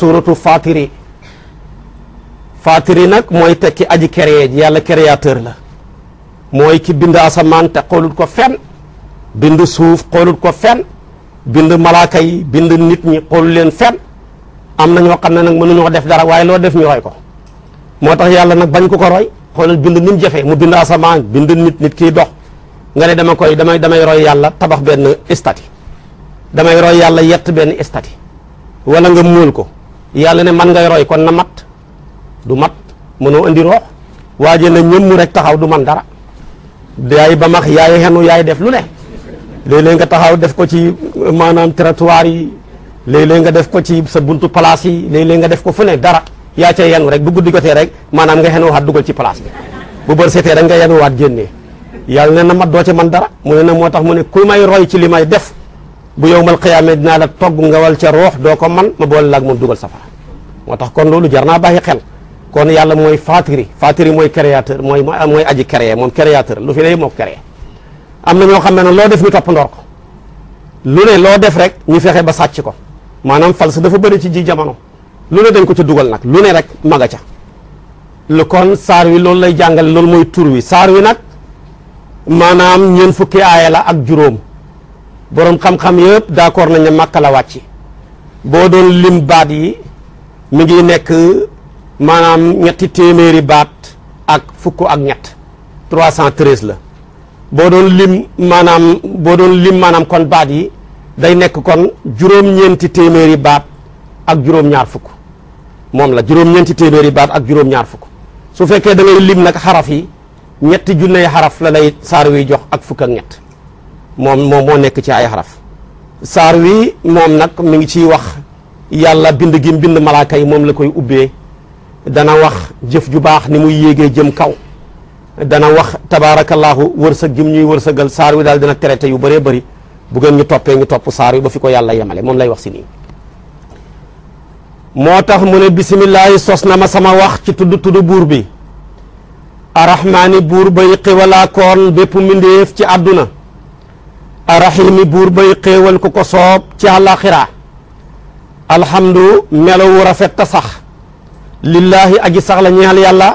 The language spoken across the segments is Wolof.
suratu fatiri fatiri nag mooy tekki aji créé yàlla créateur la mooy ki bind asamaan te xoolut ko fen bind suuf xoolut ko fen bind malaaka yi bind nit ñi xoolu leen fen am na ñoo xam ne nag mënuñoo def dara waaye loo def ñu roy ko moo tax yàlla nag bañ ko ko roy xoolal bind ni jafe mu bind asamaan bind nit nit kiy dox nga ne dama koy damay damay roy yàlla tabax benn stati damay roy yàlla yett benn stati wala nga muul ko yàlla ne man ngay roy kon na mat du mat mën mënoo indi roox waaje na ñëmm rek taxaw du man dara yaay ba max yaay xenu yaay def lu ne léeg-léeg nga taxaw def ko ci maanaam trottoir yi léeg-léeg nga def ko ci sa buntu place yi léeg-léeg nga def ko fu ne dara yaa ca yenu rek bu guddi jotee rek maanaam nga xenu waat dugal ci place bi bu bër seetee rek nga yenu waat génnee yàlla ne na mat doo ca man dara mu ne na moo tax mu ne ku may roy ci li may def bu yow yowmal qiyaame dinaa la togg nga wal ca ruux doo ko man ma boole laag moom dugal safara moo tax kon loolu jar naa bàyyi xel kon yàlla mooy fatiri fatiri mooy créateur mooy mooy aji créé moom créateur lu fi moo ko am na ñoo xam ne nag loo def ñu toppandoor ko lu ne loo def rek ñu fexe ba sàcc ko maanaam falsa dafa bëri ci ji jamono lu ne dañ ko ca dugal nag lu ne rek maga ca lu kon saar wi loolu lay jàngale loolu mooy tur wi saar wi nag maanaam ñeent fukki aaya la ak juróom boroom xam-xam yëpp d'accord nañ ne Makka la wàcc boo doon lim baat yi mu ngi nekk maanaam ñetti téeméeri baat ak fukk ak ñett 313 la boo doon lim maanaam boo doon lim maanaam kon baat yi day nekk kon juróom-ñeenti téeméeri baat ak juróom-ñaar fukk moom la juróom-ñeenti téeméeri baat ak juróom-ñaar fukk su fekkee da lim nag xaraf yi ñetti junney xaraf la lay saar wiy jox ak fukk ak ñett moom moom moo nekk ci ay xaraf saar wi moom nag mi ngi ciy wax yàlla bind gi bind malaaka yi moom la koy ubbee dana wax jëf ju baax ni muy yéegee jëm kaw dana wax tabaarakallaahu wërsëg gi ñuy wërsëgal saar wi daal dina traité yu baree bari bu ngeen ñu toppee ñu topp saar wi ba fi ko yàlla yemale moom lay wax si nii moo tax mu ne bisimillahi sos na ma sama wax ci tudd tudd buur bi arahmaani buur bay xiwalaa koon bépp mbindéef ci àdduna arrahimi buur bay xéewal ku ko soob ci àllaaxira alhamdu melowu rafet ta sax lillaahi aji sax la ñeel yàlla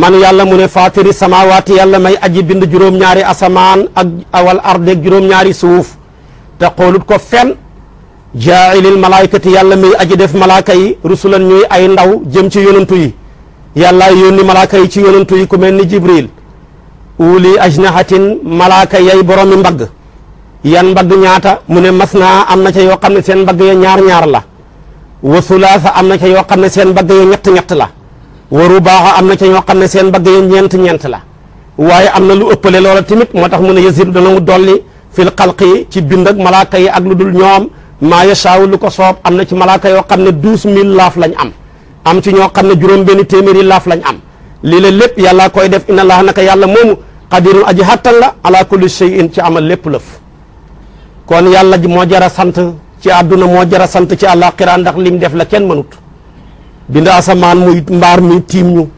man yàlla mu ne faatiri samaawaati yàlla may aji bind juróom-ñaari asamaan ak awal ardeeg juróom-ñaari suuf te xoolut ko fenn jaailil malaaykati yàlla may aji def malaaka yi rusulan ñuy ay ndaw jëm ci yonantu yi yàlla yónni malaaka ci yonantu yi ku jibril uli ajnahatin malaaka yay boroomi mbagg yan mbagg ñaata mu ne mas naa am na ca yoo xam ne seen mbagg ya ñaar-ñaar la wa sulaasa am na ca yoo xam ne seen mbagg ya ñett-ñett la wa rubaaxa am na cee yoo xam ne seen mbagg ya ñeent-ñeent la waaye am na lu ëppale loola tamit moo tax mu ne yasiru dana mu dolli fil xalqi ci bind ak malaaka yi ak lu dul ñoom maa yashaawu lu ko soob am na ci malaaka yoo xam ne douze mille laaf lañ am am ci ñoo xam ne juróom benn téeméeri laaf lañ am lii la lépp yàllaa koy def inna allaha naka yàlla moomu qadirun aji xattan la ala kulli shay'in ci amal lépp lëf kon yàlla moo jar a sant ci àdduna moo jar a sant ci àllaaxira ndax lim def la kenn mënut bind samaan muy mbaar mi tiim ñu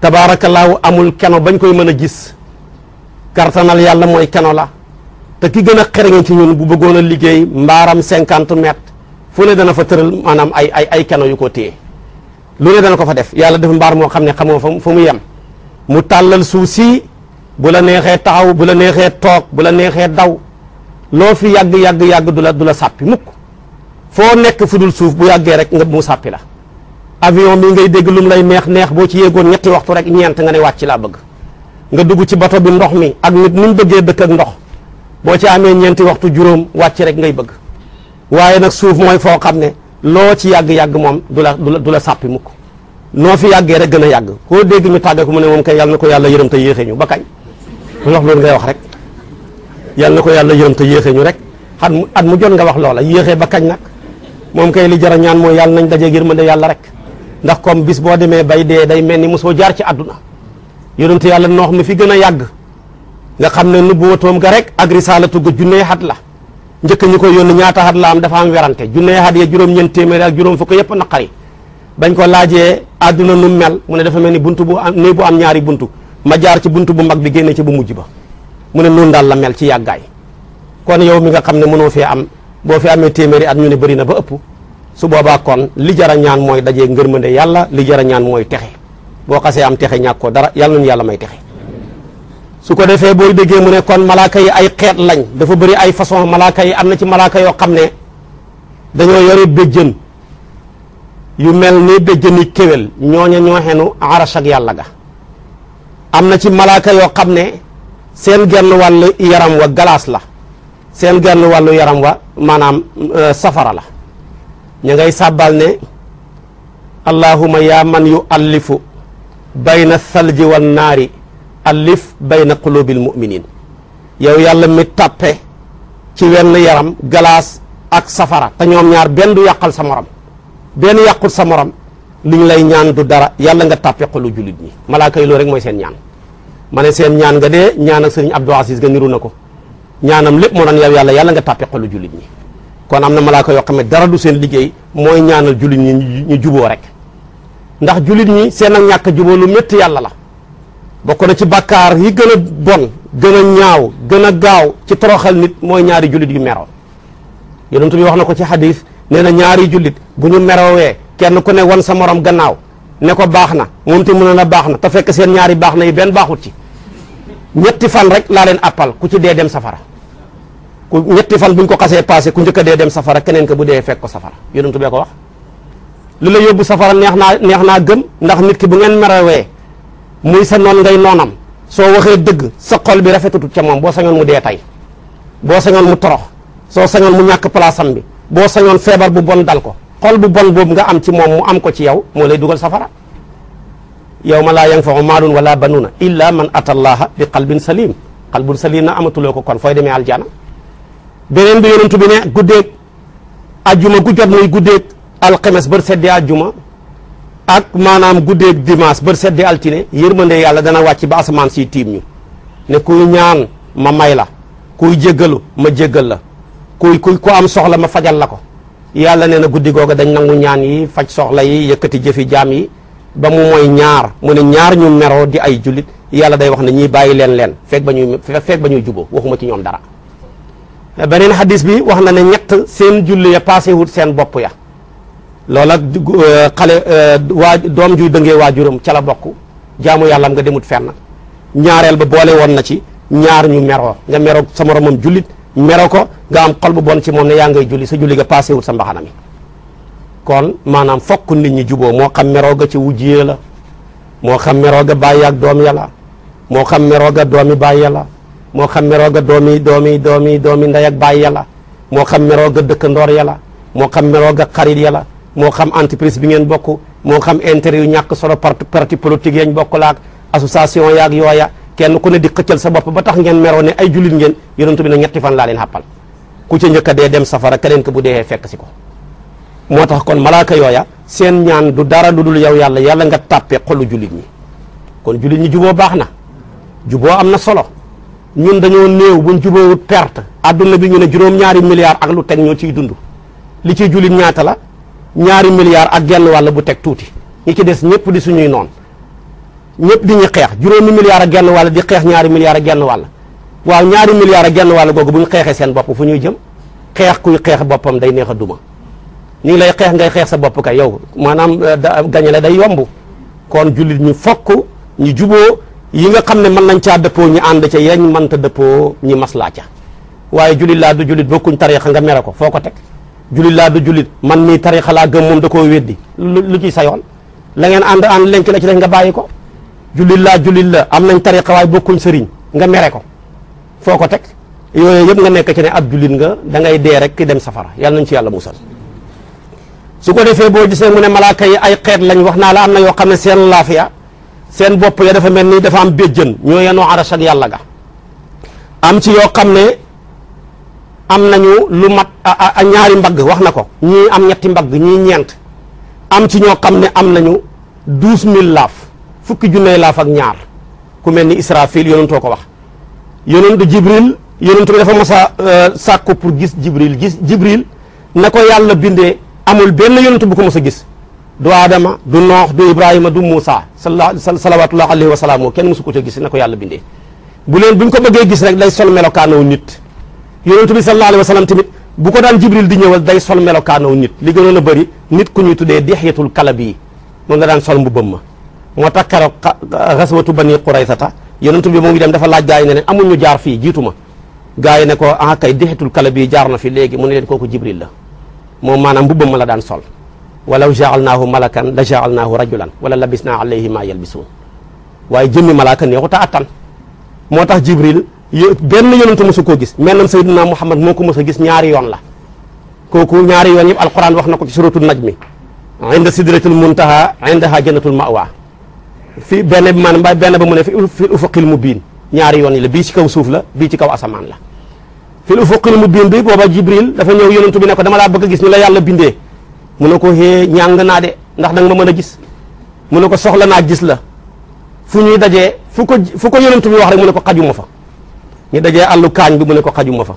tabaarakallaahu amul keno bañ koy mën a gis kartanal yàlla mooy keno la te ki gën a xereñ ci ñun bu bëggoon liggéey mbaaram cinquante mètres fu ne dana fa tëral maanaam ay ay ay keno yu ko téye lu ne dana ko fa def yàlla def mbaar moo xam ne xamoo fa fa mu yem mu tàllal suuf si bu la neexee taxaw bu la neexee toog bu la neexee daw loo fi yàgg yàgg yàgg du la du la sàppi mukk foo nekk fu dul suuf bu yàggee rek nga mu sàppi la avion bi ngay dégg lu lay neex neex boo ci yéegoon ñetti waxtu rek ñeent nga ne wàcc laa bëgg nga dugg ci bato bi ndox mi ak nit ni mu bëggee dëkk ak ndox boo ci amee ñeenti waxtu juróom wàcc rek ngay bëgg waaye nag suuf mooy foo xam ne loo ci yàgg-yàgg moom du la du la sàppi mukk noo fi yàggee rek gën a yàgg koo dégg ñu tàgge ko mu ne moom kay yàlla na ko yàlla yërëm te yéexee ñu ba kañ lox ngay wax rek yàlla na ko yàlla yërëm te yéexee ñu rek at mu at mu jot nga wax loola yéexee ba kañ nag moom kay li jara ñaan mooy yàlla nañ daje yërmande yàlla rek ndax kom bis boo demee bay dee day mel ni mu soo jaar ci àdduna yonent yàlla noox mi fi gën a yàgg nga xam ne nubuwatoom ga rek ak risaalatu ga junnee xat la njëkk ñu ko yónni ñaata xat la am dafa am werante junnee xat ya juróom-ñeent téeméer ak juróom fukk yëpp naqari bañ ko laajee àdduna nu mel mu ne dafa mel ni bunt bu am néeg bu ñaari buntu ma jaar ci bunt bu mag bi génne ci bu mujj ba mu ne noonu daal la mel ci yàggaay kon yow mi nga xam ne mënoo fee am boo fi amee téeméeri at ñu ne bëri na ba ëpp su boobaa kon li jara ñaan mooy dajee ngërmande yàlla li jarañaan mooy texe boo xasee am texe ñàkkoo dara yàlla nañu yàlla may texe su ko defee booy déggee mu ne kon malaaka yi ay xeet lañ dafa bari ay façon malaaka yi am na ci malaaka yoo xam ne dañoo yore béjjën yu mel ni kéwél ñooña ñoo yàlla ga am na ci malaaka yoo xam ne seen genn wàllu yaram wa galaas la seen genn wàllu yaram wa maanaam euh, safara la ña ngay sàbbal ne allahuma yaa man yu allifu bayna thalji wan naari allif bayna qulubil muminin yow yàlla mi tàppe ci wenn yaram galaas ak safara te ñoom ñaar benn du yàqal sa morom benn yàqul sa morom li ñu lay ñaan du dara yàlla nga tàppe xolu jullit ñi malaaka yi loolu rek mooy seen ñaan mane seen ñaan nga dee ñaan ak sëriñ Abdou Aziz nga niru na ko ñaanam lépp moo doon yow yàlla yàlla nga tàppe xolu jullit ñi kon am na malaaka yoo xam ne dara du seen liggéey mooy ñaanal jullit ñi ñu juboo rek ndax jullit ñi seen ak ñàkk juboo lu métti yàlla la bokk na ci bakkaar yi gën a bon gën a ñaaw gën a gaaw ci toroxal nit mooy ñaari jullit yu meroo yonent bi wax na ko ci xadis nee na ñaari jullit bu ñu merowee kenn ku ne wan sa morom gannaaw ne ko baax na moom te mën na baax na te fekk seen ñaari baax na benn baaxut ci ñetti fan rek laa leen appal ku ci dee dem safara ku ñetti fan buñ ko xasee passé ku njëkk dee dem safara keneen ka bu dee fekk ko safara yonentu bee ko wax lu la yóbbu safara neex naa neex naa gëm ndax nit ki bu ngeen wee muy sa noon ngay noonam soo waxee dëgg sa xol bi rafetutut ca moom boo sañoon mu dee tey boo sañoon mu torox soo sañoon mu ñàkk palaasam bi boo sañoon feebar bu bon dal ko xol bu bon boobu nga am ci moom mu am ko ci yow moo lay dugal safara ma laa yanfa'u maalun wala banuuna illa man ata allaha bi qalbin salim qalbun salim na amatuloo ko kon fooy demee aljana beneen bi yonentu bi ne guddeeg ajjuma gu jot muy guddeeg alxemes bër seddi ajjuma ak maanaam guddeeg dimanche bër seddi altine yërmande yàlla dana wàcc ba asamaan si tiim ñu ne ku ñaan ma may la kuy jéggalu ma jéggal la kuy kuy ku am soxla ma fajal la ko yàlla nee na guddi googa dañ nangu ñaan yi faj soxla yi yëkkati jëfi jaam yi ba mu mooy ñaar mu ne ñaar ñu meroo di ay jullit yàlla day wax ne ñiy bàyyi leen leen fekk ba ñuy fekk ba ñuy juboo waxuma ci ñoom dara beneen hadis bi wax na ne ñett seen julli ya passé wut seen bopp ya loola euh, xale euh, waa doom juy dëngee waajuram ca la bokk jaamu yàllam nga demut fenn ñaareel ba boole woon na ci ñaar ñu meroo nga meroo sa moromam jullit meroo ko nga am xol bon ci moom ne yaa ngay julli sa julli nga passé wut sa mbaxana mi kon maanaam fokk nit ñi juboo moo xam merooga ci wujjee la moo xam merooga bàyyi ak doom yalla moo xam merooga doomi bàyyi la moo xam merooga doomi doomi doomi doomi ndey ak bàyyi la moo xam merooga dëkkandoor ya la moo xam merooga xarit ya moo xam entreprise bi ngeen bokk moo xam intérêt yu ñàkk solo parti politique yañ bokk laak association yaak yooya kenn ku ne di xëccal sa bopp ba tax ngeen meroo ne ay jullit ngeen yonentu bi ne ñetti fan laa leen xàppal ku ca njëkk dee dem safara keneen bu dee fekk si ko moo tax kon malaaka yooya seen ñaan du dara lu dul yow yàlla yàlla nga tàppe xolu jullit ñi kon jullit ñi juboo baax na juboo am na solo ñun dañoo néew buñ juboowut perte adduna bi ñu ne juróom-ñaari milliards ak lu teg ñoo ciy dund li ciy jullit ñaata la ñaari milliards ak genn wàll bu teg tuuti ñi ci des ñëpp di suñuy noon ñëpp di ñu xeex juróomi milliards ak genn wàll di xeex ñaari milliards ak genn wàll waaw ñaari milliards ak genn wàll googu bu ñu xeexee seen bopp fu ñuy jëm xeex kuy xeex boppam day neex a duma ñu ngi lay xeex ngay xeex sa bopp kay yow maanaam eh, gañe la day yombu kon jullit ñu fokk ñu juboo yi nga xam ne mën nañ caa dëppoo ñu ànd ca yañ mënta dëppoo ñi maslaa ca waaye jullit laa du julit bokkuñ tariixa nga mere ko foo ko teg jullit laa du jullit man mii tariixa laa gëm moom da koo weddi lu ciy sa yoon la ngeen ànd ànd lenk la ci def nga bàyyi ko jullit laa jullit la am nañ tariixa waaye bokkuñ sëriñ nga mere ko foo ko teg yooyu yëpp nga nekk ci ne ab jullit nga da ngay dee rek ki dem safara yàlla nañ ci yàlla musal su ko defee boo gisee mu ne malaaka yi ay xeet lañu wax naa la am na yoo xam ne seen laafiya seen bopp ya dafa mel ni dafa am béjjën ñoo yenoo aras yàlla ga am ci yoo xam ne am nañu lu mat a ñaari mbagg wax na ko ñii am ñetti mbagg ñii ñeent am ci ñoo xam ne am nañu douze mille laaf fukki junney laaf ak ñaar ku mel ni Israfil yonentoo ko wax yonentu Jibril yonentu bi dafa mas a euh, sàkku pour gis Jibril gis Jibril na ko yàlla bindee amul benn yonent bu ko mos a gis du Adama du Noox du Ibrahima du Moussa salla salawaatullah alayhi wa salaamu kenn mosu ko ca gis na ko yàlla bindee bu leen bu ñu ko bëggee gis rek day sol melokaanawu nit yonent bi sallallahu alayhi wa sallam tamit bu ko daan Jibril di ñëwal day sol melokaanawu nit li gënoon a bëri nit ku ñuy tuddee dixiyatul kalab yi moom la daan sol mbubbam ma moo tax keroog xaswatu bani quraysata yonent bi moom itam dafa laaj gaa yi ne leen amuñu jaar fii jiitu ma gaa yi ne ko ah kay dixiyatul kalab jaar na fi léegi mu ne leen kooku Jibril la moom maanaam mbubbam ma la daan sol walaw jaalnaahu malakan la jaalnaahu rajulan wala labisna alayhi ma yalbisuun waaye jëmmi malaaka neexuta attan moo tax jibril benn yonentu mosu koo gis mel nam sayyidina muhammad moo ko mos a gis ñaari yoon la kooku ñaari yoon yëpp alquran wax na ko ci suratul najmi inda sidratul muntaha indaha jannatul mawa fi benn bi maanaam benn ba mu ne fi ufuqil mubin ñaari yoon yi la bii ci kaw suuf la bii ci kaw asamaan la fi fil ufuqil mubiin bi booba Jibril dafa ñëw yonentu bi ne ko dama laa bëgg a gis ni la yàlla bindee mu ne ko hee ñàng naa de ndax danga ma mën a gis mu ne ko soxla naa gis la fu ñuy dajee fu ko fu ko yonentu bi wax rek mu ne ko xajuma fa ñu dajee àllu kaañ bi mu ne ko xajuma fa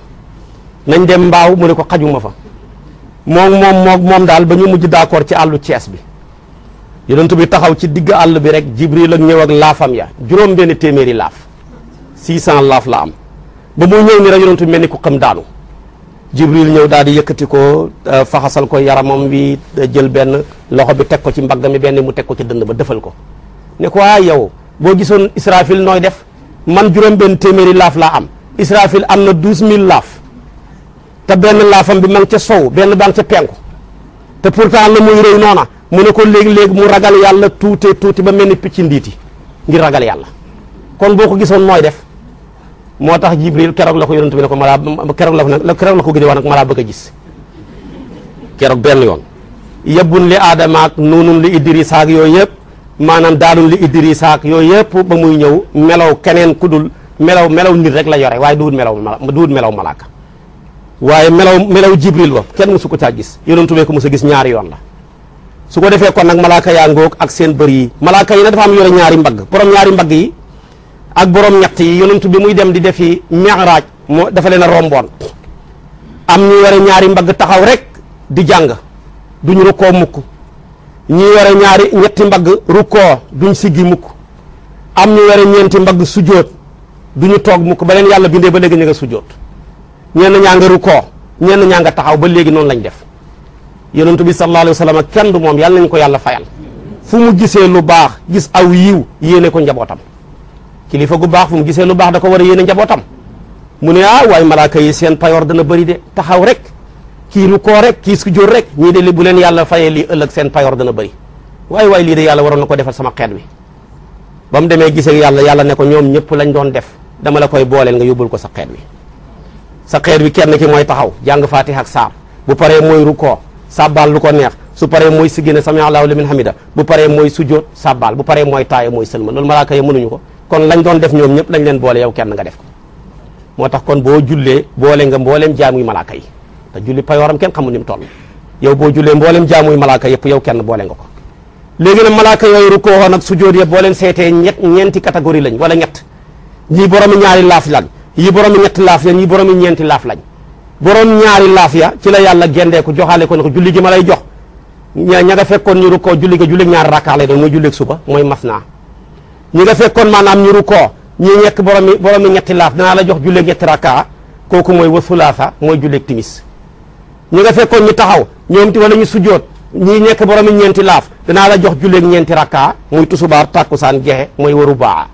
nañ dem mbaaw mu ne ko xajuma fa moom moom moom moom daal ba ñu mujj d'accord ci àllu Cees bi yonentu bi taxaw ci digg àll bi rek Jibril ak ñëw ak laafam ya juróom benn téeméeri laaf 600 laaf la am ba muy ñëw ni rek yonent bi mel ni ku xam daanu jibril ñëw daal di yëkkati ko euh, faxasal ko yaramam wi euh, jël benn loxo bi teg ko ci mbagg mi benn mu teg ko ci dënd ba defal ko ne ko waay yow boo gisoon israfil nooy def man juróom benn téeméeri laaf laa am israfil am na douze mille laaf te benn laafam bi man ngi ca sow benn baa ngi ca penku te pourtant la muy rëy noona mu ne ko léegi-léegi mu ragal yàlla tuutee tuuti ba mel ni picc ndiiti ngir ragal yàlla kon boo ko gisoon nooy def moo tax jibril keroog la ko yonent bi ne ko malaa keroog la ko nag keroog a wax nag malaa gis keroog benn yoon yëbbun li aadama ak nuunun li idrisa ak yooyu yëpp maanaam daalun li idrisa ak yooyu yëpp ba muy ñëw melaw keneen ku dul melaw melaw nit rek la yore waaye duwut melaw duwut melaw malaaka waaye melaw melaw jibril ba kenn musu ko caa gis yonent bi ko mu a gis ñaari yoon la su ko defee kon nag malaaka yaa ngóog ak seen bër yi malaaka yi nag dafa am yore ñaari mbagg borom ñaari mbagg yi ak boroom ñett yi yonent bi muy dem di defi mi'raaj moo dafa leen a romboon am ñu yore ñaari mbagg taxaw rek di jàng duñ rukkoo mukk ñu yore ñaari ñetti mbagg rukkoo duñ siggi mukk am ñu yore ñeenti mbagg sujjóot ñu toog mukk ba leen yàlla bindee ba léegi ñu nga sujjóot ñenn ñaa nga rukkoo ñenn ñaa nga taxaw ba léegi noonu lañ def yonent bi sallallahu alayhi wa sallam kenn du moom yàlla nañ ko yàlla fayal fu mu gisee lu baax gis aw yiw yéene ko njabootam kilifa gu baax fu gisee lu baax da ko war a yéene njabootam mu ne ah waaye malaaka yi seen payoor dana bëri de taxaw rek kii nu koo rek kii su jóor rek ñii de li bu leen yàlla fayee lii ëllëg seen payoor dana bëri waaye waaye lii de yàlla waroon na ko defal sama xeet wi ba mu demee gisee yàlla yàlla ne ko ñoom ñëpp lañ doon def dama la koy booleel nga yóbbul ko sa xeet wi sa xeet wi kenn ki mooy taxaw jàng faatiha ak saar bu paree mooy rukoo sàbbaal lu ko neex su paree mooy sigine sami allahu limin hamida bu paree mooy sujjóot sàbbaal bu paree mooy taaya mooy sëlma loolu malaaka yi mënuñu ko kon lañ doon def ñoom ñëpp lañ leen boole yow kenn nga def ko moo tax kon boo jullee boole nga mbooleem jaamuy malaaka yi te julli payooram kenn xamu ni mu toll yow boo jullee mbooleem jaamuy malaaka yëpp yow kenn boole nga ko léegi nag malaaka yooyu rukkoo nag sujjóot ya boo leen seetee ñett ñeenti catégorie lañ wala ñett ñii boromi ñaari laaf lañ ñii boromi ñetti laaf ya ñii boromi ñeenti laaf lañ borom ñaari laaf ya ci la yàlla gendee ko joxaale ko ne ko julli gi ma lay jox ña ña nga fekkoon ñu rukkoo julli ga julli ñaari rakkaa lay doon mooy julleeg suba mooy maf naa ñi nga fekkoon maanaam ñu rukkoo ñi ñekk boromi boromi ñetti laaf danaa la jox julleeg ñetti rakka kooku mooy wa sulaasa mooy julleeg timis ñi nga fekkoon ñu taxaw ñoom ti wala ñu sujjoot ñi nekk boromi ñeenti laaf danaa la jox julleeg ñeenti rakka muy tusubaar saan gexe mooy waru baa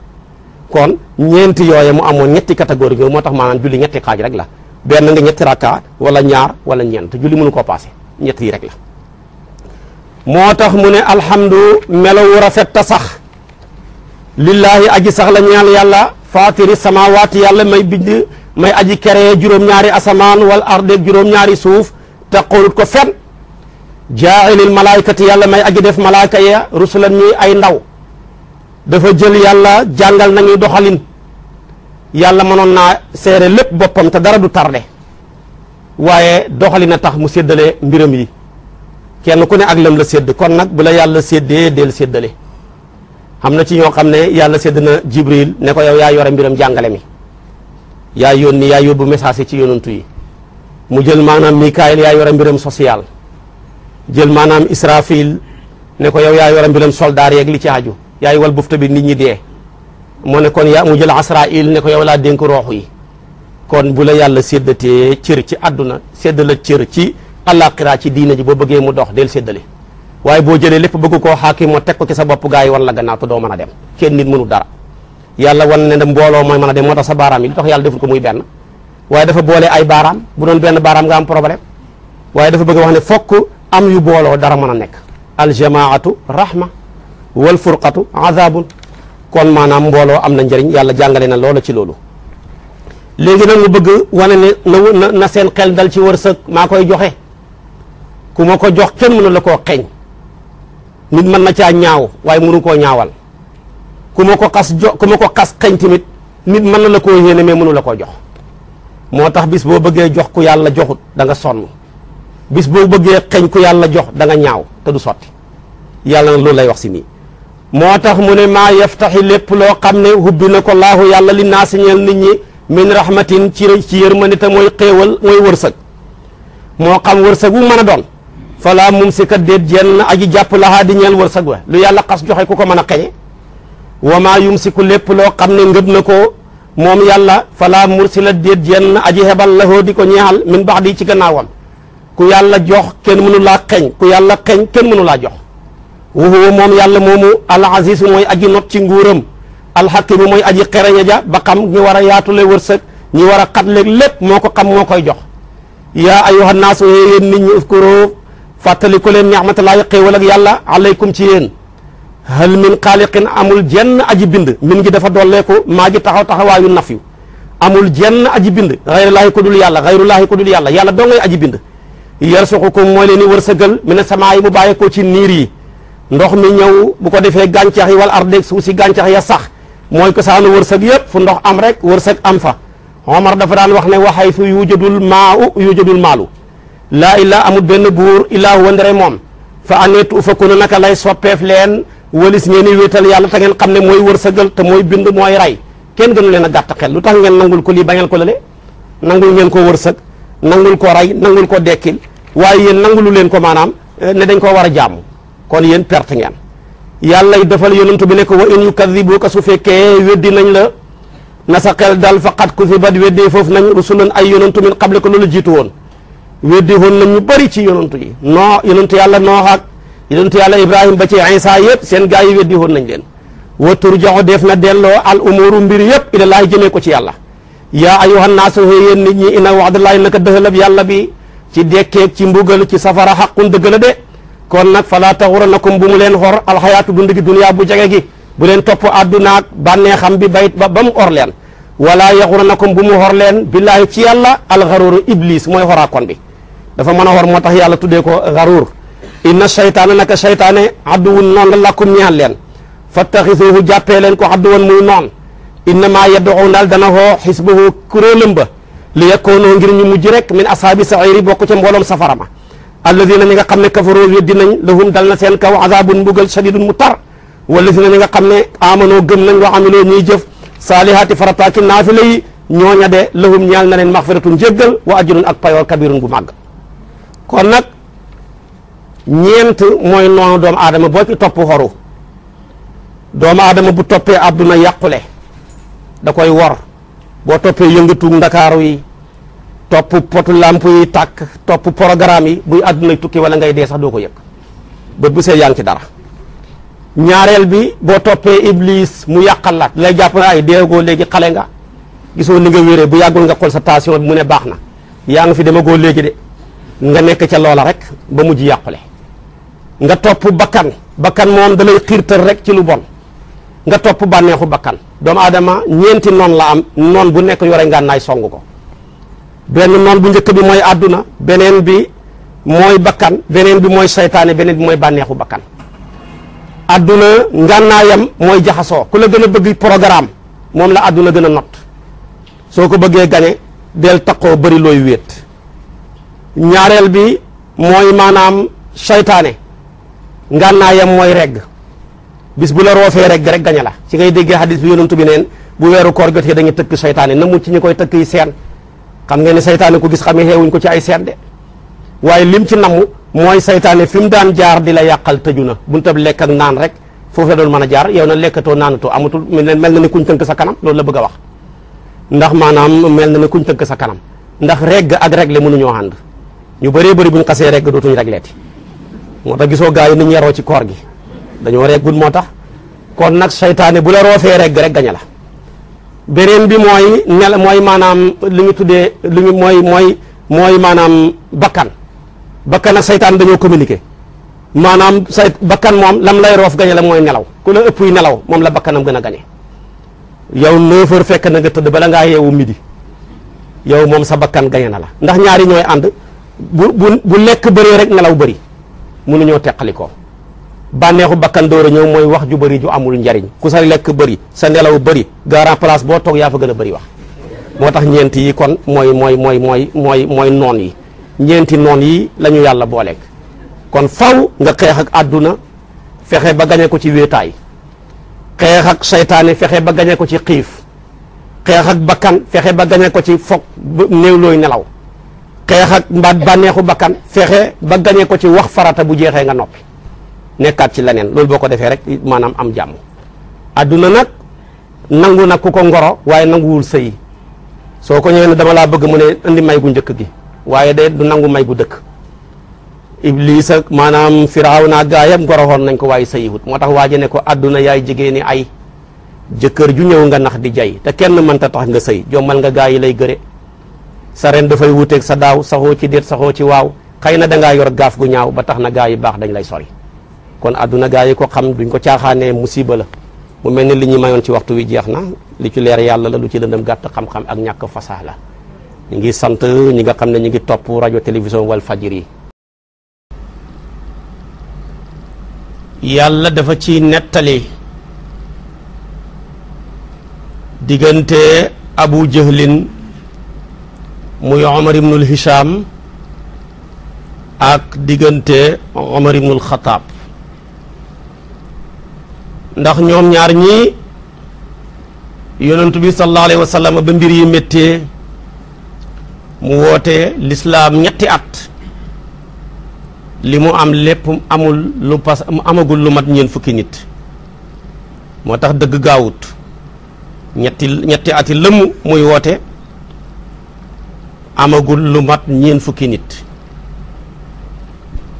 kon ñeenti yooye mu amoon ñetti catégorie moo tax maanaam julli ñetti xaaj rek la benn nga ñetti rakka wala ñaar wala ñeent julli mënu passé ñett yi rek la moo tax mu ne alhamdu melawu rafet ta sax lillaahi aji sax la ñaal yàlla faatiri samawaati yàlla may bind may aji keree juróom-ñaari asamaan wal ardeeg juróom-ñaari suuf te xoolut ko fen jaailil malaykati yàlla may aji def malaaka ya rusulan ñuy ay ndaw dafa jël yàlla jàngal nañuy doxalin yàlla mënoon naa seere lépp boppam te dara du tarde waaye doxalin a tax mu seddale mbiram yi kenn ku ne ak lam la sedd kon nag bu la yàlla seddee del seddale am na ci ñoo xam ne yàlla sedd na Jibril ne ko yow yaa yore mbiram jàngale mi yaa yónni yaa yóbbu message ci yonantu yi mu jël maanaam Mikaayil yaa yore mbiram social jël maanaam Israfil ne ko yow yaa yore mbiram soldaar yeeg li ci aju yaay wal bufta bi nit ñi dee mu ne kon mu jël Asrail ne ko yow laa dénk roox yi kon bu la yàlla séddatee cër ci àdduna séddala cër ci àllaaxira ci diina ji boo bëggee mu dox del séddale waaye boo jëlee lépp bëgg koo xaakim ma teg ko ci sa bopp gaa yi wan la gannaaw doo mën a dem kenn nit mënu dara yàlla wan ne mbooloo mooy mën a dem moo tax sa baaraam yi li tax yàlla deful ko muy benn waaye dafa boole ay baaraam bu doon benn baaraam nga am problème waaye dafa bëgg wax ne fokk am yu booloo dara mën a nekk aljamaatu rahma wal furqatu azabun kon maanaam mbooloo am na njëriñ yàlla jàngale na loola ci loolu léegi nag mu bëgg wane ne na na seen xel dal ci wërsëg maa koy joxe ku ma ko jox kenn mënu la koo xeeñ nit mën na caa ñaaw waaye mënu koo ñaawal ku ma ko xas jo ku ma ko xas xañ tamit nit mën na la koo yéene mais mënu la koo jox moo tax bis boo bëggee jox ku yàlla joxut danga nga sonn bis boo bëggee xeñ ku yàlla jox da nga ñaaw te du sotti yàlla na loolu lay wax si nii moo tax mu ne maa yaftaxi lépp loo xam ne hubbi na ko laahu yàlla li naasiñeel nit ñi min rahmatin ci ci yërmande te mooy xéewal mooy wërsëg moo xam wërsëg wu mën a doon fala mumsika déet jenn aji jàpp lahaa di ñeel wërsëg wa lu yàlla xas joxe ku ko mën a xeñe wa maa yumsiku lépp loo xam ne ngëb na ko moom yàlla fala mursila déet jenn aji hebal lahoo di ko ñeexal min bax di ci gannaawam ku yàlla jox kenn mënu laa xeñ ku yàlla xeñ kenn mënu laa jox wa huwa moom yàlla moomu al aziz mooy aji not ci nguuram alxakimu mooy aji xereña ja ba xam ñi war a yaatule wërsëg ñi war a xatleeg lépp moo ko xam moo koy jox yaa fàttali ko leen ni'matallaahi xéewal ak yàlla alaykum ci yéen hal min xaaliqin amul jenn aji bind min ngi dafa dolleeku maa ngi taxaw taxawaayu naf yu amul jenn aji bind xayrulaahi ko dul yàlla xayrulaahi ko dul yàlla yàlla doo ngay aji bind yarsuqukum mooy leen i wërsëgal mi ne samaa yi mu bàyyeekoo ci niir yi ndox mi ñëw bu ko defee gàncax yi wala ardeeg suuf si gàncax ya sax mooy ko saanu wërsëg yëpp fu ndox am rek war wërsëg am fa Omar dafa daan wax ne waxay fu yujadul maa u laa illaa amul benn buur illaa huwa ndere moom fa anee tu ufakuuna naka lay soppeef leen walis ngeen i wéetal yàlla te ngeen xam ne mooy wërsëgal te mooy bind mooy rey kenn gënu leen a gàtt xel lu tax ngeen nangul ko lii bañal ko lale nangul ngeen ko wërsëg nangul ko rey nangul ko dekkil waaye yéen nangulu leen ko maanaam eh, ne dañ koo war a jaamu kon yéen perte ngeen yàlla defal yonantu bi ne ko wa in ka su fekkee weddi nañ la na sa xel dal faqat kusibat weddee foofu nañ rusulan ay yonantu min xable ko loolu jiitu woon weddi woon nañ ñu bëri ci yonantu yi yalla yonantu yàlla noox ak yonantu ba ci isa yëpp seen gaa yi weddi woon nañ leen wa turjaxu def na delloo al umuru mbir yëpp ilallaahi jëmee ko ci yàlla ya ayyuhan naasu xëy yéen nit ñi ina waxdallaahi naka dëxalab yàlla bi ci dekkeeg ci mbugal ci safara xaqun dëgg la de kon nag falaa taxuranakum bu mu leen xor alxayaatu dund gi duniyaa bu jege gi bu leen topp àddunaak bànnee xam bi bayit ba ba mu or leen wala yaxuranakum bu mu xor leen billaahi ci yàlla alxaruuru iblis mooy xoraakon bi dafa mën a war moo tax yàlla tuddee ko xaruur inna seytaana naka seytaane adduwun noon la lakkum ñaan leen fattaxisuhu jàppee leen ko adduwan muy noon innama u daal dana hoo xisbahu kuréelam ba li yakkoonoo ngir ñu mujj rek min ashaabi sa'iiri bokk ca mbooloom safara ma alladina ñi nga xam ne kafaroo weddi dinañ lahum dal na seen kaw azabun mbugal shadidun mu tar walladina ni nga xam ne amanoo gëm nañ wa amiloo ñuy jëf saalihaati farataaki naafila yi ñooña de lahum ñaal na leen maxfiratun jéggal wa ajrun ak payoor kabirun bu màgg kon nag ñeent mooy noonu doomu aadama boo ci topp xoru doomu aadama bu toppee adduna yàqule da koy wor boo toppee yëngatu ndakaaru yi topp potu làmp yi tàkk topp programme yi buy àdduna tukki wala ngay dee sax doo ko yëg bët bu see yaa ngi ci dara ñaareel bi boo toppee iblis mu yàqal la lay jàpp na ay deegoo léegi xale nga gisoo ni nga wéree bu yàggul nga xool sa mu ne baax na yaa ngi fi demagoo léegi de nga nekk ca loola rek ba mujj yàqule nga topp bakkan bakkan moom da lay xiirtal rek ci lu bon nga topp bànneexu bakkan doomu adama ñeenti noon la am noon bu nekk yore ngànnaay song ko benn noon bu njëkk bi mooy àdduna beneen bi mooy bakkan beneen bi mooy seytaane beneen bi mooy bànneexu bakkan àdduna ngànnaayam mooy jaxasoo ku la gën a bëgg programme moom la àdduna gën a not soo ko bëggee gañe del taqoo bëri looy wéet ñaareel bi mooy maanaam saytaane yam mooy regg bis bu la roofee regg rek gañe la ci ngay déggee xadis bi yonent bi neen bu weeru koor jotee dañuy tëkk saytaane na mu ci ñu koy tëkk seen xam ngeen ne saytaane ko gis xamee xeewuñ ko ci ay seen de waaye lim ci namu mooy seytaane fi mu daan jaar di la yàqal tëju na bu buntab lekk ak naan rek foofu la doon mën a jaar yow na lekkatoo naanatoo amatul mel na ne kuñ tënk sa kanam loolu la bëgg a wax ndax maanaam mel na ne kuñ sa kanam ndax regg ak regle mënuñoo ànd ñu bëree bëri bu ñu xasee rek rek regleeti moo tax gisoo gaa yi ni ñu yaroo ci koor gi dañoo reggul moo tax kon nag seytaane bu la roofee regg rek gaña la beneen bi mooy nel mooy maanaam li ñu tuddee li mooy mooy mooy maanaam bakkan bakkan ak dañoo communiquer maanaam say bakkan moom lam lay roof gañe la mooy nelaw ku la ëpp yi nelaw moom la bakkanam gën a gañe yow 9 heures na nga tëdd bala ngaa yeewu midi yow moom sa bakkan gañe na la ndax ñaari ñooy ànd bu bu bu lekk bëree rek nelaw bëri mënuñoo teqalikoo bànneexu bakkan door a ñëw mooy wax ju bëri ju amul njariñ ku sa lekk bëri sa nelaw bëri garant place boo toog yaa fa gën a bëri wax moo tax ñeenti yi kon mooy mooy mooy mooy mooy mooy noon yi ñeenti noon yi la yàlla boo booleeg kon faw nga xeex ak àdduna fexe ba gañe ko ci wéetaay xeex ak seytaane fexe ba gañe ko ci xiif xeex ak bakkan fexe ba gañe ko ci foog néew looy nelaw xeex ak mbaat bànneexu bakkan fexe ba gañee ko ci wax farata bu jeexee nga noppi nekkaat ci leneen loolu boo ko defee rek maanaam am jàmm adduna nag nangu nag ku ko ngoro waaye nanguwul sëyi soo ko ñëwee ne dama laa bëgg mu ne indi may gu njëkk gi waaye de du nangu may gu dëkk iblis ak maanaam firaaw naa gaayam ngoroxoon nañ ko waaye sëyiwut moo tax waaje ne ko adduna yaay ni ay jëkkër ju ñëw nga nax di jay te kenn mënta tax nga sëy jommal nga gaa yi lay gëre sa ren dafay wuuteeg sa daaw saxoo ci déet saxoo ci waaw xëy na dangaa yor gaaf gu ñaaw ba tax na gaa yi baax dañ lay sori kon àdduna gaa yi ko xam duñ ko caaxaanee musiba la mu mel ni li ñu mayoon ci waxtu wi jeex na li ci leer yàlla la lu ci lëndëm gàtt xam-xam ak ñàkk fasaa ñu ngi sant ñi nga xam ne ñu ngi topp rajo télévision wal fajiri yi yàlla dafa ci nettali diggante abu jëhlin muy Omar ibnul Hisham ak diggante Omar ibnul Xataab ndax ñoom ñaar ñi yonentu bi sallallahu alayhi wa ba mbir yi mettee mu woote lislaam ñetti at li mu am lépp amul lu pas amagul lu mat ñeent fukki nit moo tax dëgg gaawut ñetti ñetti ati lëmm muy woote amagul lu mat ñeen fukki nit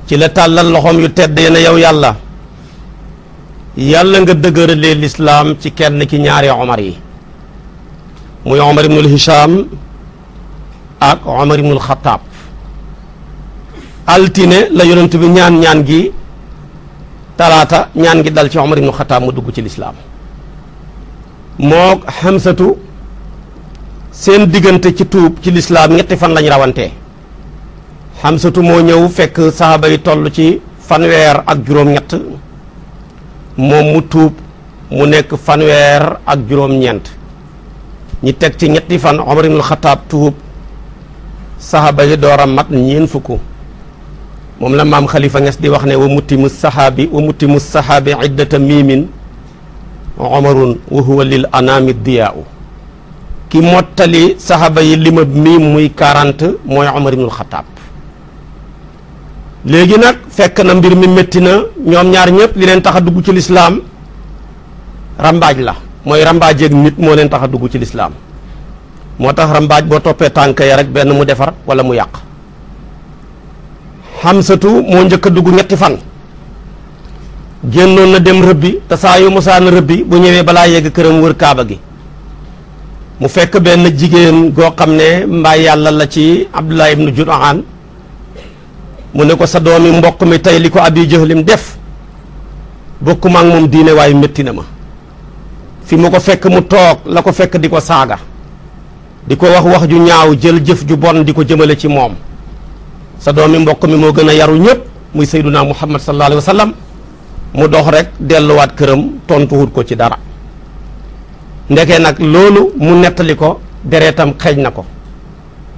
ci la tàllal loxoom yu tedd na yow yàlla yàlla nga dëgëralee lislaam ci kenn ki ñaari omar yi muy omar ibnul hisham ak omar ibnul xataab altine la yonent bi ñaan ñaan gi talaata ñaan gi dal ci omar ibnul xataab mu dugg ci lislaam mook xamsatu seen diggante ci tuub ci lislaam ñetti fan lañ rawantee xamsatu moo ñëw fekk saxaaba yi toll ci fanweer ak juróom-ñett moom mu tuub mu nekk fanweer ak juróom-ñeent ñi teg ci ñetti fan Omar ibnul Xataab tuub saxaaba yi door mat ñeen fukk moom la maam xalifa nges di wax ne wa mutimu saxaabi wa mutimu saxaabi iddata miimin omarun wa anaami diyaau ki mottali saxaaba yi lima mi muy 40 mooy Omar ibnul Xataab léegi nag fekk na mbir mi metti na ñoom ñaar ñëpp li leen tax a dugg ci lislaam rambaaj la mooy rambaajeeg nit moo leen tax a dugg ci lislaam moo tax rambaaj boo toppee tànk ya rek benn mu defar wala mu yàq xamsatu moo njëkk a dugg ñetti fan génnoon na dem rëbbi te saa yu mosaan rëbbi bu ñëwee balaa yegg këram wër kaaba gi mu fekk benn jigéen goo xam ne mbaa yàlla la ci Abdullah ibnu Jud'aan mu ne ko sa doomi mbokk mi tey li ko Abi Jahlim def bokk ak moom diine waaye metti na ma fi mu ko fekk mu toog la ko fekk di ko saaga di ko wax wax ju ñaaw jël jëf ju bon di ko jëmale ci moom sa doomi mbokk mi moo gën a yaru ñëpp muy sayyiduna Muhammad sallallahu alayhi wa sallam mu dox rek delluwaat këram tontuwut ko ci dara ndeke nag loolu mu nettali ko deretam xeeñ na ko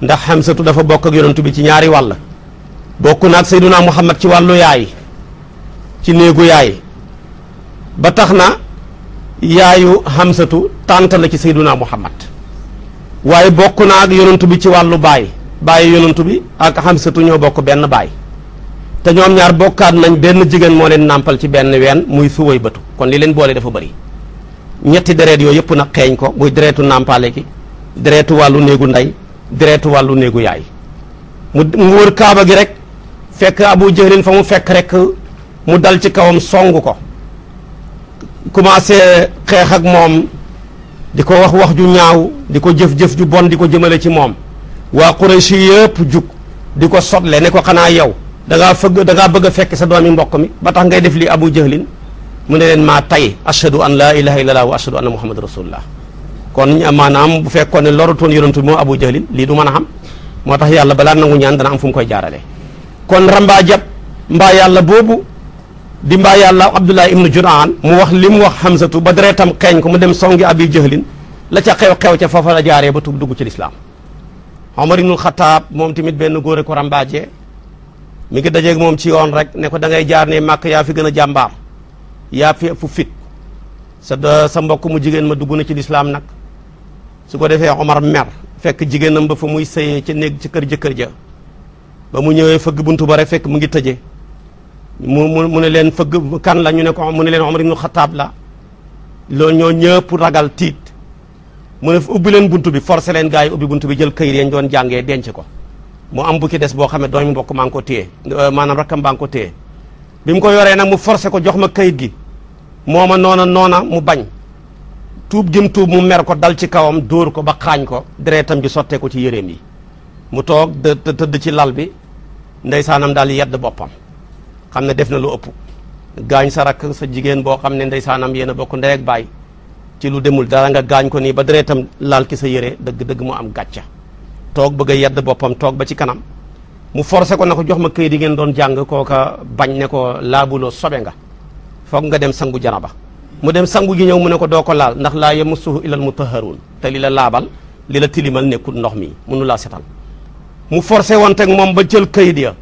ndax xamsatu dafa bokk ak yonantu bi ci ñaari wàll bokk na ak sayduna muhammad ci wàllu yaay ci néegu yaay ba tax na yaayu xamsatu tànta la ci sayduna muhammad waaye bokk naa ak yonantu bi ci wàllu baay baayu yonantu bi ak xamsatu ñoo bokk benn baay te ñoom ñaar bokkaat nañ benn jigéen moo leen nàmpal ci benn ween muy suway bëtu kon li leen boole dafa bëri ñetti dereet yooyu yëpp nag xeeñ ko muy dereetu nàmpaale gi dereetu wàllu néegu ndey dereetu wàllu néegu yaay mu mu kaaba gi rek fekk abu jahlin fa mu fekk rek mu dal ci kawam song ko commencé xeex ak moom di ko wax wax ju ñaaw di ko jëf-jëf ju bon di ko jëmale ci moom waa Quraysh yëpp jug di ko sotle ne ko xanaa yow da ngaa fëgg da bëgg a fekk sa doomi mbokk mi ba tax ngay def lii abu jahlin mu ne leen maa tay ashhadu an laa ilaha illallah wa ashhadu anna muhammad rasulullah kon maanaam bu fekkoon ne lorutoon yonantu bi moo abu jahlin lii du mën a xam moo tax yàlla balaa nangu ñaan dana am fu mu koy jaarale kon rambaa jab mbaa yàlla boobu di mbaa yàlla abdullah ibnu juraan mu wax li mu wax xamsatu ba tam xeeñ ko mu dem songi abi jahlin la ca xew-xew ca foofa la jaaree ba tub dugg ci lislaam omar ibnul xataab moom tamit benn góore ko rambaaje moom ci yoon rek ne ko da ngay jaar ne màkk yaa fi gën a jàmbaar yaa fi ëpp fit sa sa mbokk mu jigéen ma dugg na ci lislaam nag su ko defee Omar mer fekk jigéenam ba fa muy sëyee ca néeg ci kër jëkkër ja ba mu ñëwee fëgg buntu ba rek fekk mu ngi tëje mu mu mu ne leen fëgg kan la ñu ne ko mu ne leen Omar ibnu Xataab la loolu ñoo ñëpp ragal tiit mu ne ubbi leen buntu bi forcé leen gars yi ubbi buntu bi jël këyit yañ doon jàngee denc ko mu am bu ci des boo xam ne doomu mbokk maa ngi ko téye maanaam rakkam baa ngi ko téye bi mu ko yoree nag mu forcé ko jox ma kayit gi moo ma noona noona mu bañ tuub gim tuub mu mer ko dal ci kawam dóor ko ba xaañ ko deretam ji sottee ko ci yéreem yi mu toog de tëdd ci lal bi ndeysaanam daal yedd boppam xam ne def na lu ëpp gaañ sa rakk sa jigéen boo xam ne ndeysaanam yéen a bokk ndey baay ci lu demul dara nga gaañ ko nii ba tam laal ki sa yére dëgg-dëgg mu am gàcca toog bëgg yedd boppam toog ba ci kanam mu forcé ko na ko jox ma këyit yi ngeen doon jàng kooka bañ ne ko laabuloo sobe nga foog nga dem sangu janaba mu dem sangu gi ñëw mu ne ko doo ko laal ndax laa yamassuhu illal mutahharuun te li la laabal li la tilimal nekkul ndox mi mënu laa setal mu forcé woon teg moom ba jël këyit ya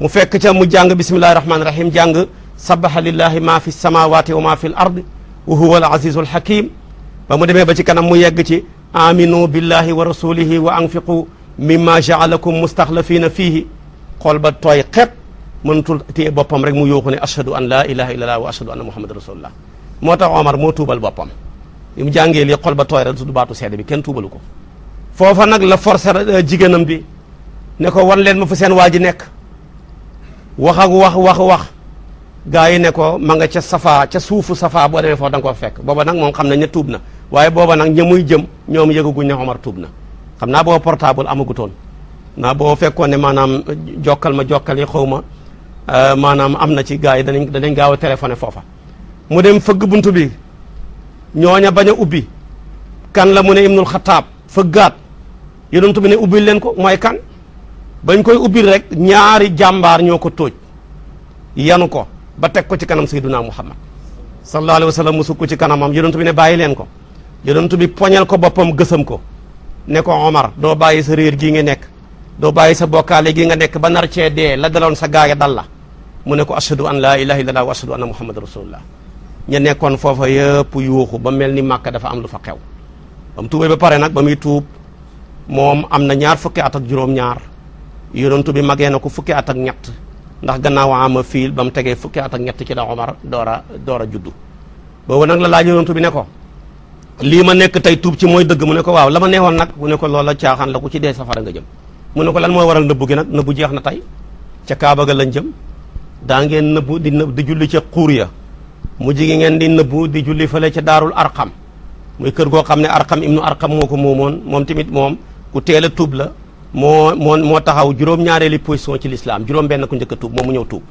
mu fekk ca mu jàng bismillahi rahmaani rahim jàng sabaha lillahi ma fi samawati wa ma fi l ard wa huwa al azizu ba mu demee ba ci kanam mu yegg ci aminu billahi wa rasulihi mimma jaalakum mustaxlafiina fiihi xool ba tooy xepp tul téye boppam rek mu yooxu ne ashhadu an laa ilaha illallah wa ashhadu anna muhammad rasulullah moo tax Omar moo tuubal boppam li mu jàngee lii xol ba tooy rek du baatu seede bi kenn tuubalu ko foofa nag la forcer euh, jigéenam bi ne ko wan leen ma fa seen waa ji nekk wax ak wax wax wax gaa yi ne ko ma nga ca safaa ca suufu safaa boo demee foofu ko fekk booba nag moom xam ne ña tuub na waaye booba nag muy jëm ñoom yëgaguñ ne Omar tuub na xam naa boo portable amagutoon naa boo fekkoon ne maanaam eh, jokkal ma jokkal yi xawma ma eh, maanaam am na ci gars yi danañ danañ gaaw a téléphoné foofa mu dem fëgg buntu bi ñooña bañ a ubbi kan la mu ne ibnul xataab fëggaat yonent bi ne ubbil leen ko mooy kan bañ koy ubbil rek ñaari jàmbaar ñoo ko tóoj yanu ko ba teg ko ci kanam sayyiduna muhammad sallallahu alayhi wa sallam mu sukk ci kanamam yonent bi ne bàyyi leen ko yonent bi poñal ko boppam gësam ko ne ko Omar doo bàyyi sa réer gii nga nekk doo bàyyi sa bokkaale gi nga nekk ba nar cee dee la daloon sa gaaya dal la mu ne ko ashadu an laa ilaha illallah wa ashadu anna muhammad rasulullah ña nekkoon foofa yëpp yuuxu ba mel ni màkk dafa am lu fa xew ba mu tuubee ba pare nag ba muy tuub moom am na ñaar fukki at ak juróom-ñaar yonentu bi magee na ko fukki at ak ñett ndax gannaaw ama fiil ba mu tegee fukki at ak ñett ci la Omar door a door a juddu boobu nag la laaj yonentu bi ne ko lii ma nekk tey tuub ci mooy dëgg mu ne ko waaw la ma neexoon nag mu ne ko loola caaxaan la ku ci dee safara nga jëm mu ne ko lan moo waral nëbbu gi nag nëbbu jeex na tey ca Kaaba ga lañ jëm daa ngeen nëbbu di nëbb di julli ca xuur ya mu jigi ngeen di nëbbu di julli fa la ca daarul arqam muy kër goo xam ne arqam ibnu arqam moo ko moomoon moom tamit moom ku teel a tuub la moo moo moo taxaw juróom-ñaareeli position ci lislaam juróom benn ku njëkk tuub moom mu ñëw tuub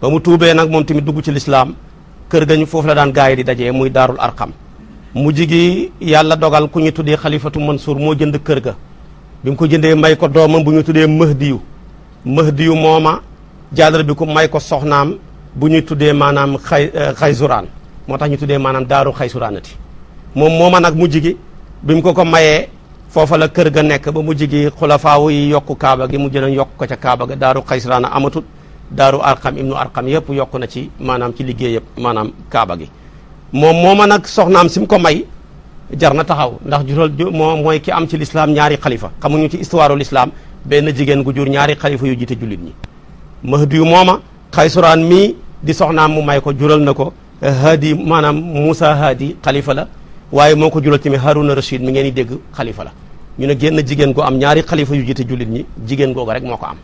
ba mu tuubee nag moom tamit dugg ci lislaam kër gañu foofu la daan gaay yi di dajee muy daarul arqam mu gi yàlla dogal ku ñu tuddee xalifatu Mansour moo jënd kër ga bi mu ko jëndee may ko doomam bu ñu tuddee Mahdiyu Mahdiyu mooma jaadar bi ko may ko soxnaam bu ñuy tuddee maanaam xay euh, xaysuraan moo tax ñu tuddee maanaam daaru xaysuraanati moom mooma nag mu gi bi mu ko ko mayee foofa la kër ga nekk ba mujj gi xulafaawu yi yokk kaaba gi mu jëlee yokk ko ca kaaba ga daaru xaysuraana amatut daaru arqam ibnu arqam yëpp yokk na ci maanaam ci liggéey yëpp maanaam kaaba gi moom mooma nag soxnaam si mu ko may jar na taxaw ndax jural moo mooy ki am ci lislaam ñaari xalifa xamuñu ci histoire lislaam benn jigéen gu jur ñaari xalifa yu jiite jullit ñi mahdi yu mooma xaysuraan mii di soxnaam mu may ko jural na ko eh, haadi maanaam Moussa haadi xalifa la waaye moo ko jural tamit Haruna Rashid mi ngeen di dégg xalifa ñu génn jigéen gu am ñaari xalifa yu jiite jullit ñi jigéen googu rek moo ko am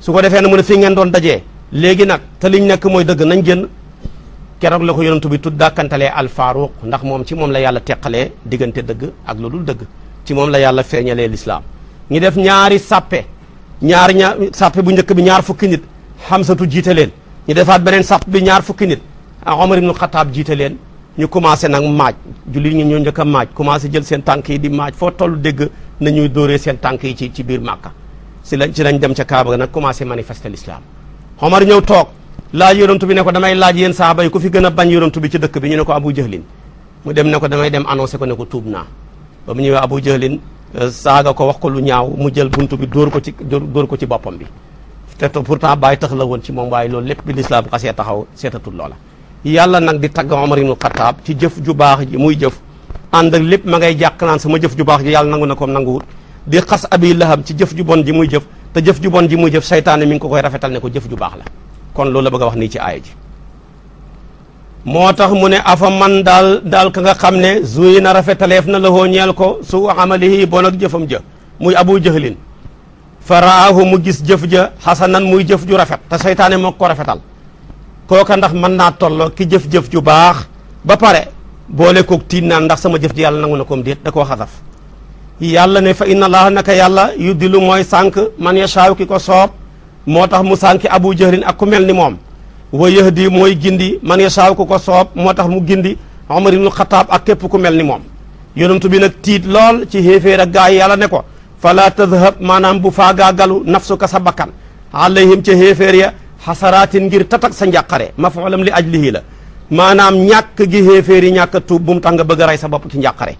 su ko defee na mu ne fii ngeen doon dajee léegi nag te liñ nekk mooy dëgg nañ génn keroog la ko yonentu bi tudd dàkkantalee alfaaruq ndax moom ci moom la yàlla teqalee diggante dëgg ak lu dul dëgg ci moom la yàlla feeñalee lislaam ñu def ñaari sàppe ñaari ñaar sàppe bu njëkk bi ñaar fukki nit xamsatu jiite leen ñu defaat beneen sàpp bi ñaar fukki nit omar ibnu xataab jiite leen ñu commencé nag maaj julli ñu ñoo njëkk maaj commencé jël seen tànk yi di maaj foo tollu dégg na nañuy dóoree seen tànk yi ci ci biir màkka si la ci lañ dem ca kaaba nag commencé manifester l'islam omar laaj yonantu bi ne ko damay laaj yéen saaba yi ko fi gën a bañ yonantu bi ci dëkk bi ñu ne ko Abu Jahlin mu dem ne ko damay dem annoncé ko ne ko tuub naa ba mu ñëwee Abu Jahlin euh, saaga ko wax ko lu ñaaw mu jël buntu bi dóor ko ci dóor ko ci boppam bi te pourtant baay tax la woon ci moom waaye loolu lépp bi lislaam xasee taxaw seetatul loola yàlla nag di tagg Omar ibnu Xataab ci jëf ju baax ji muy jëf ànd ak lépp ma ngay jàkkalaan sama jëf ju baax ji yàlla nangu na koom nanguwut di xas abi lahab ci jëf ju bon ji muy jëf te jëf ju bon ji muy jëf saytaane mi ngi ko koy rafetal ne ko jëf ju baax la kon loolu la bëgg wax nii ci aay ji moo tax mu ne afa man daal daal ka nga xam ne zuyi na rafetaleef na la ñeel ko su amalihi bon ak jëfam ja muy abu jahlin faraahu mu gis jëf ja xasanan muy jëf ju rafet te seytaane moo ko rafetal kooka ndax mën naa tolloo ki jëf-jëf ju baax ba pare boole koog tiin naan ndax sama jëf ji yàlla nangu na koom déet da koo xasaf yàlla ne fa inna allaha naka yàlla yuddilu mooy sànq man yashaaw ki ko soob moo tax mu sànki abu jëhlin ak ku mel ni moom wa yahdi mooy gindi man yasaaw ku ko soob moo tax mu gindi Omar ibnu Xataab ak képp ku mel ni moom yonentu bi nag tiit lool ci xéeféer ak gaa yàlla ne ko fala tadhab maanaam bu faagaagalu nafsuka sa bakkan alayhim ca xéeféer ya xasaraatin ngir tatak sa ma njàqare mafulam li ajlihi la maanaam ñàkk gi xéeféer yi ñàkk a tuub bu mu tax nga bëgg a rey sa bopp ci njàqare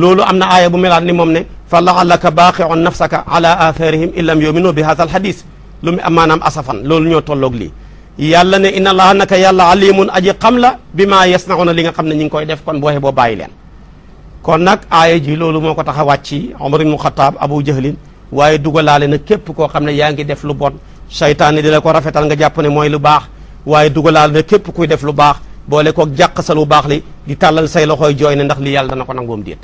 loolu am na aaya bu melaat ni moom ne fa laalaka baaxiun nafsaka ala atharihim in lam yuminu bi hatha al lu mu am maanaam asafan loolu ñoo tolloog lii yàlla ne inna allaha naka yàlla alimun aji xam la bi maa yasnauna li nga xam ne ñi ngi koy def kon booxe boo bàyyi leen kon nag aaya ji loolu moo ko tax a wàcc Omar ibnu Xataab Abu Jahlin waaye dugalaale na képp koo xam ne yaa ngi def lu bon saytaane di la ko rafetal nga jàpp ne mooy lu baax waaye dugalaale na képp kuy def lu baax boole ko jàq sa lu baax li di tàllal say loxooy jooy ne ndax li yàlla na ko nangoom déet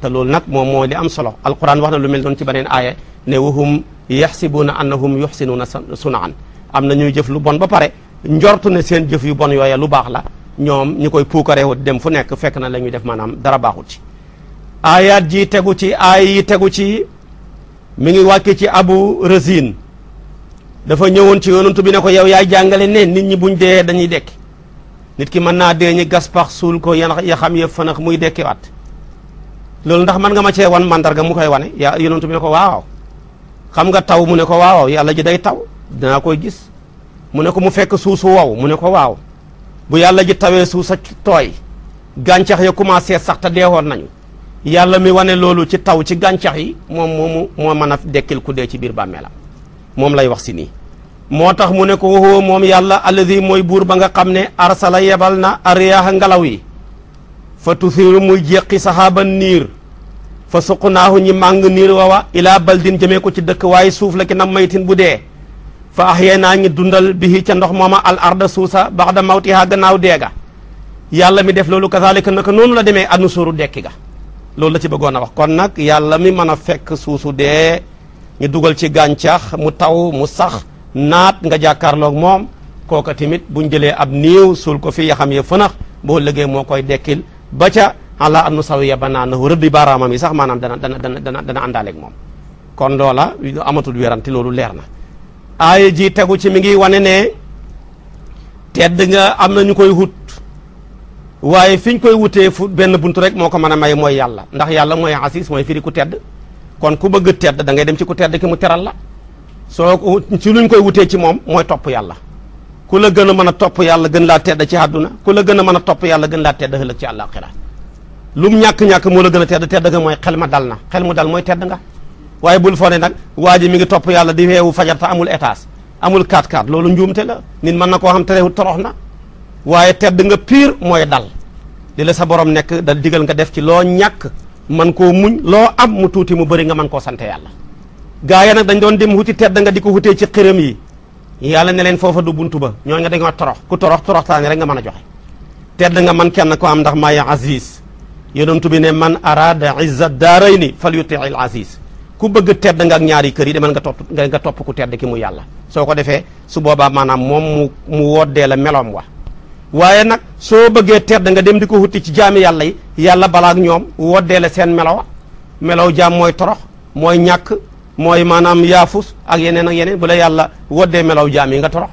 te loolu nag moom mooy li am solo alquran wax na lu mel noonu ci beneen aaya ne yaxsibuuna annahum yuxsinuuna sunaan am na ñuy jëf lu bon ba pare njortu ne seen jëf yu bon yooya lu baax la ñoom ñi koy puukareewu dem fu nekk fekk na la ñuy def maanaam dara baaxul ci aayaat ji tegu ci aay yi tegu ci mu ngi wàcce ci abu rasin dafa ñëwoon ci yonantu bi ne ko yow yaay jàngale ne nit ñi buñ dee dañuy dekki nit ki mën naa dee ñi gas pax suul ko yan ya xam yëpp fanax muy dekkiwaat loolu ndax man nga ma cee wan mandarga mu koy wane yaa yonantu bi ne ko waaw xam nga taw mu ne ko waaw yàlla ji day taw dinaa koy gis mu ne ko mu fekk suuf su wow mu ne ko waaw bu yàlla ji tawee suuf sa tooy gàncax ya commencé sax te deewoon nañu yàlla mi wane loolu ci taw ci gàncax yi moom moomu moo mën a dekkil ku dee ci biir bàmmeelam moom lay wax si nii moo tax mu ne ko waxoo moom yàlla alladi mooy buur ba nga xam ne arsala yebal na ariyaaha ngelaw yi fa tuthiru muy jeqi saxaaban niir fa suqnaahu ñi màng niir wawa ilaa baldin jëmee ko ci dëkk waaye suuf la ki na maytin bu dee fa axyee naa ñi dundal bihi ca ndox mooma al arda suusa baxda mawtiha gannaaw dee ga yàlla mi def loolu kazalika naka noonu la demee suuru dekki ga loolu la ci bëggoon a wax kon nag yàlla mi mën a fekk suusu dee ñu dugal ci gàncax mu taw mu sax naat nga jàkkaarloog moom kooka tamit buñ jëlee ab niiw suul ko fi yaxam ya fënax boo lëggee moo koy dekkil ba ca ala an nu sawiya banaanahu rëdd baaraamam yi sax maanaam dana dana dana dana dana àndaaleeg moom kon loola amatul wéranti loolu leer na aaya ji tegu ci mi ngi wane ne tedd nga am na ñu koy wut waaye fi ñu koy wutee fu benn buntu rek moo ko mën a may mooy yàlla ndax yàlla mooy asis mooy firi ku tedd kon ku bëgg tedd da ngay dem ci ku tedd ki mu teral la soo ci luñ koy wutee ci moom mooy topp yàlla ku la gën a mën a topp yàlla gën laa tedd ci àdduna ku la gën a mën a topp yàlla gën laa tedd ëllëg ci àllaaxira lu mu ñàkk-ñàkk moo la gën a tedd tedd nga mooy xel ma dal na xel mu dal mooy tedd nga waaye bul foo nag waaj mi ngi topp yàlla di weewu fajar te amul étage amul 4-4 loolu njuumte la nit man na koo xam terewul torox na waaye tedd nga pire mooy dal li la sa borom nekk da digal nga def ci loo ñàkk man koo muñ loo am mu tuuti mu bëri nga mën koo sante yàlla gaa yaa nag dañ doon dem wuti tedd nga di ko wutee ci xërëm yi yàlla ne leen foofa du bunt ba ñoo nga dañoo torox ku torox toroxtaani rek nga mën a joxe tedd nga man kenn ko am ndax maaya aziz yonentu bi ne man arada izza daarayni fal yuti'il aziz ku bëgg tedd nga ak ñaari kër yi demal nga topp nga topp ku tedd ki mu yàlla soo ko defee su boobaa maanaam moom mu mu woddee la meloom wa waaye nag soo bëggee tedd nga dem di ko hutti ci jaami yàlla yi yàlla balaa ñoom woddee la seen melowa melow jaam mooy torox mooy ñàkk mooy maanaam yaafus ak yeneen ak yeneen bu la yàlla woddee melow jaam yi nga torox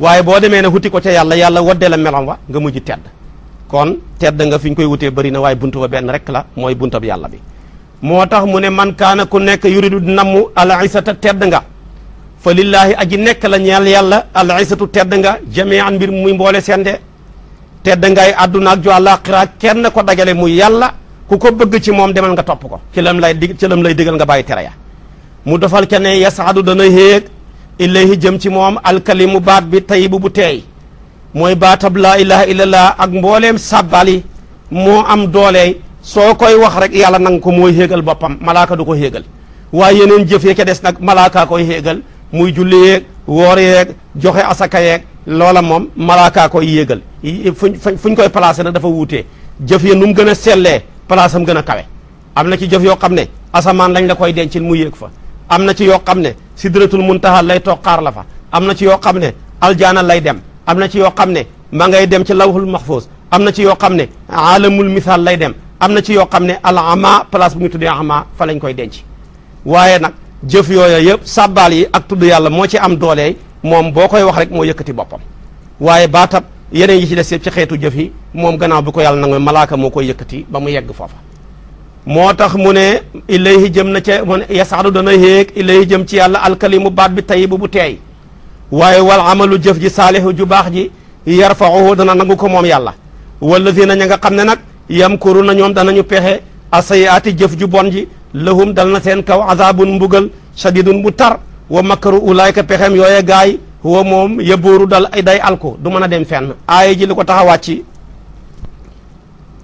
waaye boo demee ne hutti ko ca yàlla yàlla woddee la meloom wa nga mujj tedd kon tedd nga fi ñu koy wutee bëri na waaye buntu ba benn rek la mooy bi yàlla bi moo tax mu ne man kaana ku nekk yuridu namm al isata tedd nga fa lillaahi aji nekk la ñeel yàlla al isatu tedd nga jamian mbir muy mboole sende tedd ngay àdduna ak ju àllaaxira kenn ko dagale muy yàlla ku ko bëgg ci moom demal nga topp ko ci lam lay dig ci lam lay digal nga bàyyi tere ya mu dofal ke ne yasaadu dana héeg ilayhi jëm ci moom alkalimu baat bi tayibu bu teey mooy baatab laa ilaha illallah ak mbooleem sàbbal moo am doole soo koy wax rek yàlla nang ko mooy héegal boppam malaaka du ko héegal waaye yeneen jëf ya ca des nag malaakaa koy héegal muy julli yeeg woor yeeg joxe asaka yeeg loola moom malaakaa koy yéegal fuñ fuñ koy placé nag dafa wuutee jëf ya nu mu gën a sellee place am gën a kawe am na ci jëf yoo xam ne asamaan lañ la koy dencil mu yéeg fa am na ci yoo xam ne sidratul muntaha lay toog xaar la fa am na ci yoo xam ne aljaana lay dem am na ci yoo xam ne ma ngay dem ci lawhul mahfuz am na ci yoo xam ne alamul misaal lay dem am na ci yoo xam ne al ama place bu ñu tuddee ama fa lañ koy denc waaye nag jëf yooyu yëpp sàbbaal yi ak tudd yàlla moo ci am doole moom boo koy wax rek moo yëkkati boppam waaye baatab yeneen yi ci des yëpp ci xeetu jëf yi moom gannaaw bu ko yàlla nangoo malaaka moo koy yëkkati ba mu yegg foofa moo tax mu ne ilayhi jëm na ca mu ne yasaadu dana yéeg ilayhi jëm ci yàlla alkalimu baat bi tayibu bu teey waaye wal amalu jëf ji saalihu ju baax ji yarfa'uhu dana nangu ko moom yàlla wallazina ña nga xam ne nag yam na ñoom danañu pexe asayaati jëf ju bon ji lahum dal na seen kaw azabun mbugal shadidun bu tar wa makaru ulaayka pexem yooye gaay huwa moom yabooru dal ay day alko du mën a dem fenn aaya ji li ko taxawaat a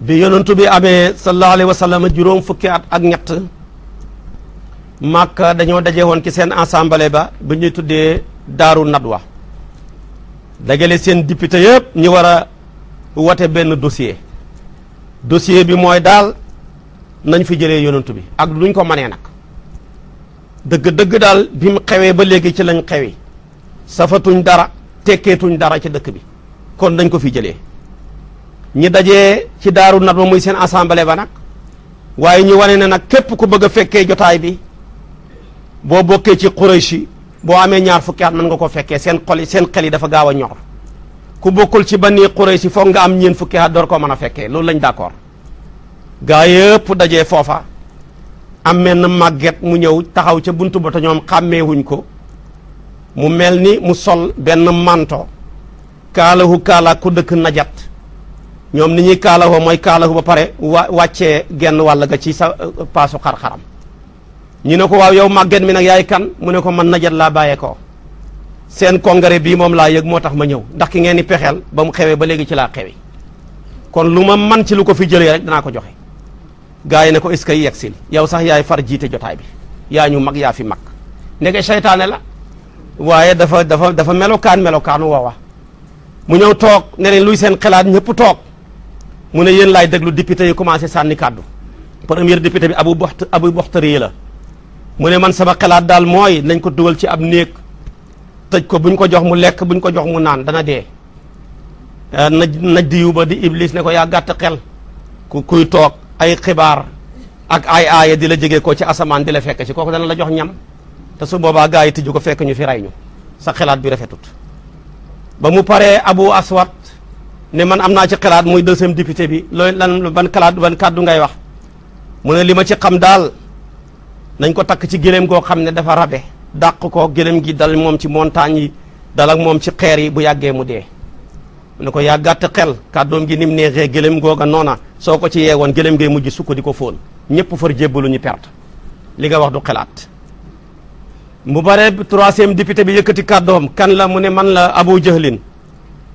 bi yonentu bi amee sallallahu alayhi juróom fukki at ak ñett màkka dañoo daje woon ci seen assemblée ba bi ñuy tuddee daaru nadwa dagale seen député yëpp ñu war a wote benn dossier dossier bi mooy daal nañ fi jëlee yonent bi ak luñ ko manee nag dëgg-dëgg daal bi mu xewee ba léegi ci lañ xewi safatuñ dara tekkeetuñ dara ci dëkk bi kon dañ ko fi jëlee ñi dajee ci daaru nadwa muy seen assemblée ba nag waaye ñu wane na nag képp ku bëgg a fekkee jotaay bi boo bokkee ci Quraysh boo amee ñaar fukki at mën nga ko fekkee seen xol yi seen xel yi dafa gaaw a ñor ku bokkul ci Bani si foog nga am ñeen fukki at door koo mën a fekkee loolu lañ d'accord gaa yëpp dajee foofa am menn màgget mu ñëw taxaw ca buntu ba te ñoom xàmmeewuñ ko mu mel ni mu sol benn manto kaalahu kaala ku dëkk najat ñoom ni ñuy kaala kaalahoo mooy kaalahu ba pare wa wàccee genn walla ga ci sa euh, paasu xar-xaram ñu ne ko waaw yow màgget mi nag yaay kan mu ne ko man najat laa bàyyeekoo seen congrès bii moom laa yëg moo tax ma ñëw ndax ki ngeen di pexeel ba mu xewee ba léegi ci laa xewi kon lu ma man ci lu ko fi jëlee rek danaa ko joxe gars yi ne ko est-ce que yegg si yow sax yaay far jiite jotaay bi yaa ñu mag yaa fi mag ndeke seytaane la waaye dafa dafa dafa melokaan melokaanu woowa mu ñëw toog ne luy seen xalaat ñëpp toog mu ne yéen laay déglu député yi commencé sànni kàddu premier député bi abu boxt abu boxtari la mu ne man sama xalaat daal mooy nañ ko dugal ci ab néeg tëj ko buñ ko jox mu lekk buñ ko jox mu naan dana dee eh, naj naj diyu ba di iblis ne ko yaa gàtt xel ku kuy toog ay xibaar ak ay aaya di la jege ko ci asamaan di la fekk ci kooku dana la jox ñam te su boobaa gaa yi tëju ko fekk ñu fi ray ñu sa xalaat bi rafetut ba mu paree abu aswat ne man am naa ci xalaat muy deuxième député bi looy lan ban xalaat kàddu ngay wax mu ne li ci xam daal nañ ko takk ci gëléem goo xam ne dafa rabe dàq ko gëléem gi dal moom ci montagne yi dal ak moom ci xeer yi bu yàggee mu dee mu ne ko yaa xel kàddoom gi ni mu neexee gëléem googa noona soo ko ci yeewoon gëléem ngay mujj sukk di ko fóon ñëpp far jébbalu ñu perte li nga wax du xelaat mu bare troisième député bi yëkkati kàddoom kan la mu ne man la Abu Jahlin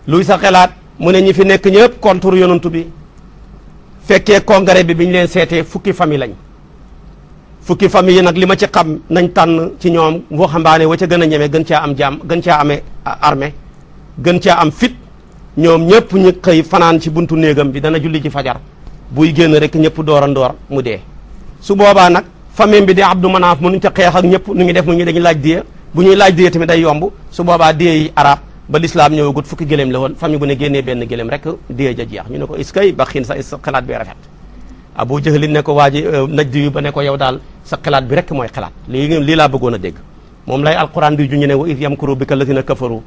luy sa xelaat mu ne ñi fi nekk ñëpp contre yonantu bi fekkee congrès bi bi ñu leen seetee fukki famille lañ fukki famille yi nag li ma ci xam nañ tànn ci ñoom waxambaane wa ca gën a ñeme gën caa am jaam gën caa amee armee gën caa am fit ñoom ñëpp ñu xëy fanaan ci buntu néegam bi dana julli ci fajar buy génn rek ñëpp door a ndoor mu dee su boobaa nag famille bi di Abdou Manaaf mënuñ ca xeex ak ñëpp nu ñu def mu ñu dañuy laaj diye bu ñuy laaj diye tamit day yomb su boobaa diye yi arab ba lislaam ñëwagut fukki gëléem la woon famille bu ne génnee benn gëléem rek jeex ñu ne ko iskay ba xiin sa is xalaat bi rafet Abu Jahlin ko waa ji euh, najdi yu ba ne ko daal sa xalaat bi rek mooy xalaat lii lii laa bëggoon a dégg moom lay alquran bi juñu ne wa iz yamkuru bika lazina kafaru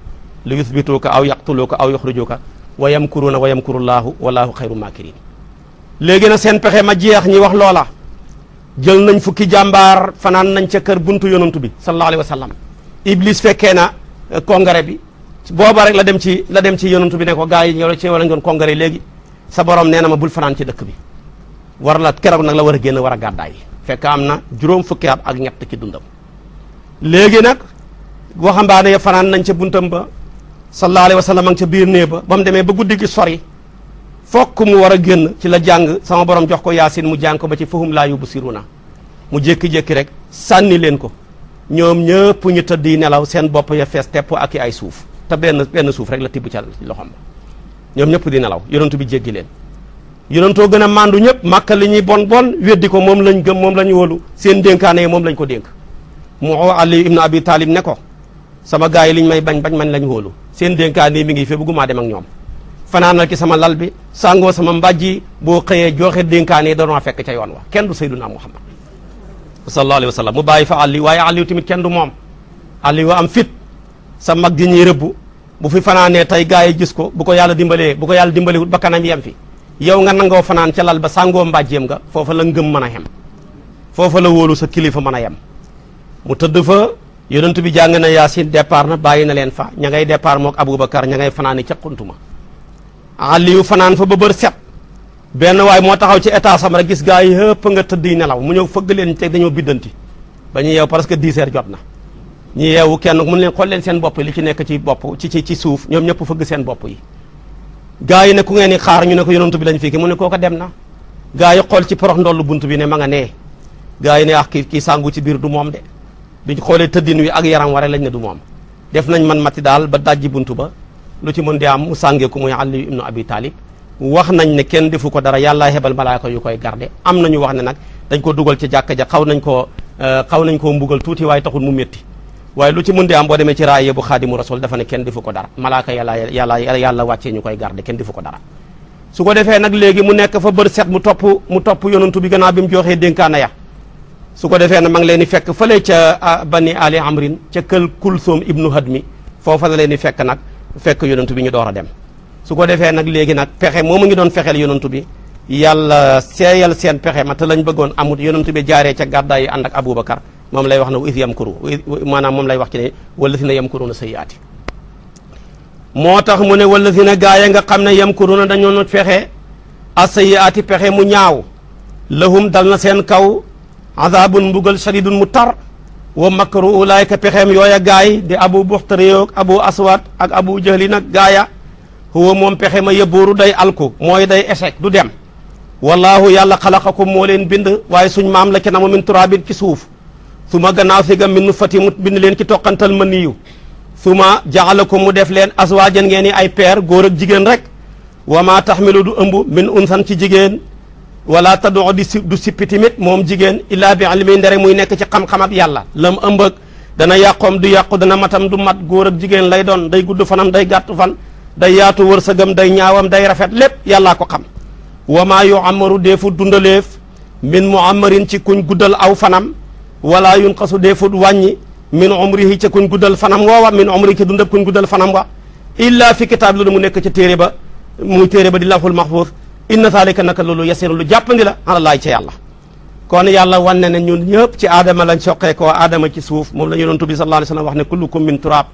li yusbituuka aw yaqtuluuka aw yuxrijuuka wa yamkuruuna wa yamkurullaahu wallaahu xayru maakirin léegi na seen pexe ma jeex ñi wax loola jël nañ fukki jàmbaar fanaan nañ ca kër buntu yonantu bi sallallahu alayhi wa sallam iblis fekkee na eh, congrès bi booba rek la dem ci la dem ci yonantu bi ne ko gars yi yow ci wala ñu doon congrès léegi sa borom nee na ma bul fanaan ci dëkk bi war la keroog nag la war a génn war a gàddaay fekk am na juróom fukki at ak ñett ci dundam léegi nag waxambaane ya fanaan nañ ca buntam ba sallallahu alayhi wa sallam ca biir néeg ba ba mu demee ba guddi gi sori fokk mu war a génn ci la jàng sama borom jox ko yaasin mu jàng ko ba ci bu siru na mu jékki-jékki rek sànni leen ko ñoom ñëpp ñu tëdd yi nelaw seen bopp ya fees teppoo ak yi ay suuf te benn benn suuf rek la tibb ca loxom ba ñoom ñëpp di nelaw yonentu bi jéggi leen yonentoo gën a màndu ñëpp màkka li ñuy bon bon weddi ko moom lañ gëm moom lañ wóolu seen dénkaane moom lañ ko dénk moo Ali ibnu Abi taalim ne ko sama gars yi liñ may bañ bañ man lañ wóolu seen dénkaane mi ngi fi bëgguma dem ak ñoom fanaanal ci sama lal bi sàngoo sama mbàjj boo xëyee jooxe dénkaane danoo fekk ca yoon wa kenn du sayyiduna Muhammad sa alayhi wa sallam mu bàyyi fa Ali waaye Ali tamit kenn du moom Ali wa am fit sa mag ji ñuy rëbb bu fi fanaanee tey gars yi gis ko bu ko yàlla dimbalee bu ko yàlla dimbalewut ba yem fi yow nga nangoo fanaan ca lal ba sàngoo mbàjjeem nga foofa la ngëm mën a yem foofa la wóolu sa kilifa man a yem mu tëdd fa yonent bi jàng na yaasin départ na bàyyi na leen fa ña ngay départ mook aboubacar ña ngay fanaani ca xuntuma aliyu fanaan fa ba bër set benn waay moo taxaw ci état sam rek gis gaa yi yëpp nga tëdd yi nelaw mu ñëw fëgg leen te dañoo biddanti ba ñu yeew parce que dix jot na ñu yeewu kenn mun leen xool leen seen bopp li ci nekk ci bopp ci ci ci suuf ñoom ñëpp fëgg seen bopp yi gaa yi ne ku ngeen di xaar ñu ne ko yonantu bi lañ fekki mu ne kooka dem na gaa yi xool ci porox ndollu bunt bi ne ma nga nee gaa yi ne ak ah, kii kii sàngu ci biir du moom de biñ xoolee tëddin wi ak yaram ware lañ ne du moom def nañ man mati daal ba dajji bunt ba lu ci mën di am mu sàngee ko muy Ali ibnu Abi Talib wax nañ ne kenn defu ko dara yàlla hebal malaaka yu koy garde am nañu wax ne nag dañ ko dugal ci jàkka ja xaw nañ koo euh, xaw nañ koo mbugal tuuti waaye taxul mu métti waaye lu ci mun de am boo demee ci raaye bu xaadimu rasul dafa ne kenn defu ko dara malaaka yàlla yàlla yàlla wàccee ñu koy garde kenn defu ko dara su ko defee nag léegi mu nekk fa bër set mu topp mu topp yonantu bi gannaaw bi mu joxee dénkaana ya su ko defee nag ma ngi leen di fekk fële ca bani ali amrin ca kël kulsoom ibnu hadmi foofa la leen di fekk nag fekk yonantu bi ñu door a dem su ko defee nag léegi nag pexe moom mu ngi doon fexeel yonantu bi yàlla seeyal seen pexe ma lañ bëggoon amut yonantu bi jaaree ca gàddaay yi ànd ak aboubacar moom lay wax na wa is yamkuru maanaam moom lay wax ci ne wallazina yamkuruna sayyi'aati moo tax mu ne wallazina gaa ya nga xam ne yamkuruna dañoo fexe a sayyi'aati pexe mu ñaaw lahum dal na seen kaw azabun mbugal shadidun mu tar wa makru ulaayka pexeem yooya gaay di abu buxtariyoog abu aswad ak abu jahli nag gaaya huwa moom pexe ma yëbooru day alku mooy day échec du dem wallaahu yàlla xalaqakum moo leen bind waaye suñ maam la ca na min turaabin ci suuf su ma gannaaw si ga min nu fati bind leen ci toqantal ma niyu suma jaxala ko mu def leen aswaajan ngeen i ay peer góor ak jigéen rek wa maa taxmilu du ëmb min unsan ci jigéen wala tadoxo di si du sippi tamit moom jigéen illaa bi ilmi ndere muy nekk ci xam-xam ak yàlla lam ëmb dana yàqoom du yàqu dana matam du mat góor ak jigéen lay doon day gudd fanam day gàtt fan day yaatu wërsëgam day ñaawam day rafet lépp yàllaa ko xam wa maa yu amaru deefu dundaleef min muammarin ci kuñ guddal aw fanam wala yunqasu deefut wàññi min umrihi ca kuñ guddal fanam woowa min umrihi ca dundab kuñ guddal fanam wa illa fi kitaab lu mu nekk ca téere ba muy téere ba di lawhul mahfuz inna zalika naka loolu yasiru lu jàppandi la ala laa ca yàlla kon yàlla wan ne ñun ñëpp ci aadama lañ soqeekoo aadama ci suuf moom la yonent bi sallallahu alayhi wax ne kullukum min turab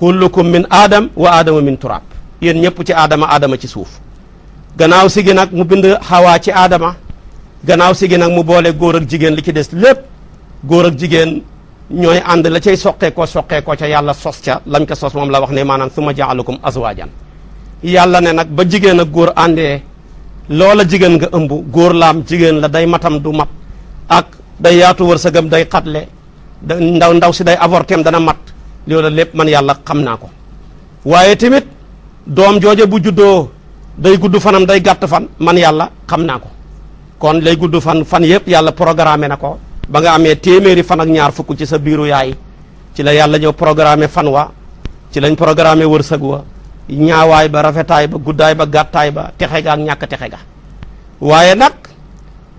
kullukum min aadam wa aadama min turab yéen ñëpp ci aadama aadama ci suuf gannaaw si gi nag mu bind xawaa ci aadama gannaaw si gi nag mu boole góor ak jigéen li ci des lépp góor ak jigéen ñooy ànd la cay soqeekoo soqeekoo ca yàlla sos ca lañ ko sos moom la wax ne maanaam suma jaalukum azwaajan yàlla ne nag ba jigéen ak góor àndee loola jigéen nga ëmb góor laam jigéen la day matam du mat ak day yaatu wërsëgam day xatle da ndaw ndaw si day avortem dana mat loolu lépp man yàlla xam naa ko waaye tamit doom jooje bu juddoo day gudd fanam day gàtt fan man yàlla xam naa ko kon lay gudd fan fan yëpp yàlla programme na ko ba nga amee téeméeri fan ak ñaar fukk ci sa biiru yaay ci la yàlla ñëw programme fan wa ci lañ programme wërsëg wa ñaawaay ba rafetaay ba guddaay ba gàttaay ba texe ga ak ñàkk texe ga waaye nag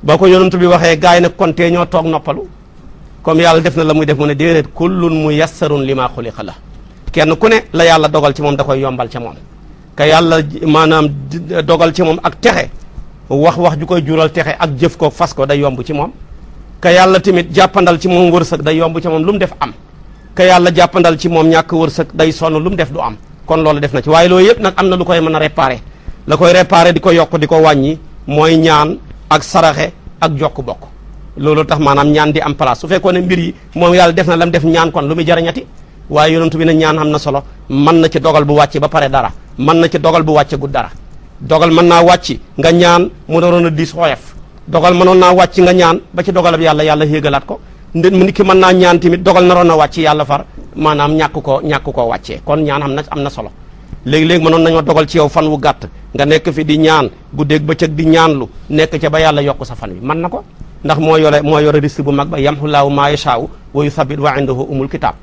ba ko yonent bi waxee gars yi nag kon tee ñoo toog noppalu comme yàlla def na la muy def mu ne déedéet kullun muyassarun limaa xuliqa la kenn ku ne la yàlla dogal ci moom da koy yombal ca moom ka yàlla maanaam dogal ci moom ak texe wax wax ju koy jural texe ak jëf ko fas ko day yomb ci moom ka yàlla tamit jàppandal ci moom wërsëg day yomb ci moom lu mu def am ka yàlla jàppandal ci moom ñàkk wërsëg day sonn lu mu def du am kon loolu def na ci waaye loolu yëpp nag am na lu koy mën a réparé la koy réparé di ko yokk di ko wàññi mooy ñaan ak saraxe ak jokk bokk loolu tax maanaam ñaan di am su fekkoon ne mbir yi moom yàlla def na lam def ñaan lu muy jariñati waaye yonentu bi ne ñaan am na solo mën na ci dogal bu wàcce ba pare dara mën na ci dogal bu wàcce gu dara dogal mën naa wàcc nga ñaan mu naroon a diis xooyaf dogal mënoon naa wàcc nga ñaan ba ci dogalab yàlla yàlla yéegalaat ko nde mu ni ki mën naa ñaan tamit dogal naroon na wàcc yàlla far maanaam ñàkk ko ñàkk koo wàccee kon ñaan am na am na solo léegi-léegi mënoon nañoo dogal ci yow fan wu gàtt nga nekk fi di ñaan guddeeg bëccëg di ñaanlu nekk ca ba yàlla yokk sa fan wi mën na ko ndax moo yore moo yore risque bu mag ba yamxullaahu maa yashaa'u wa yuthabbit wa indahu umul kitaab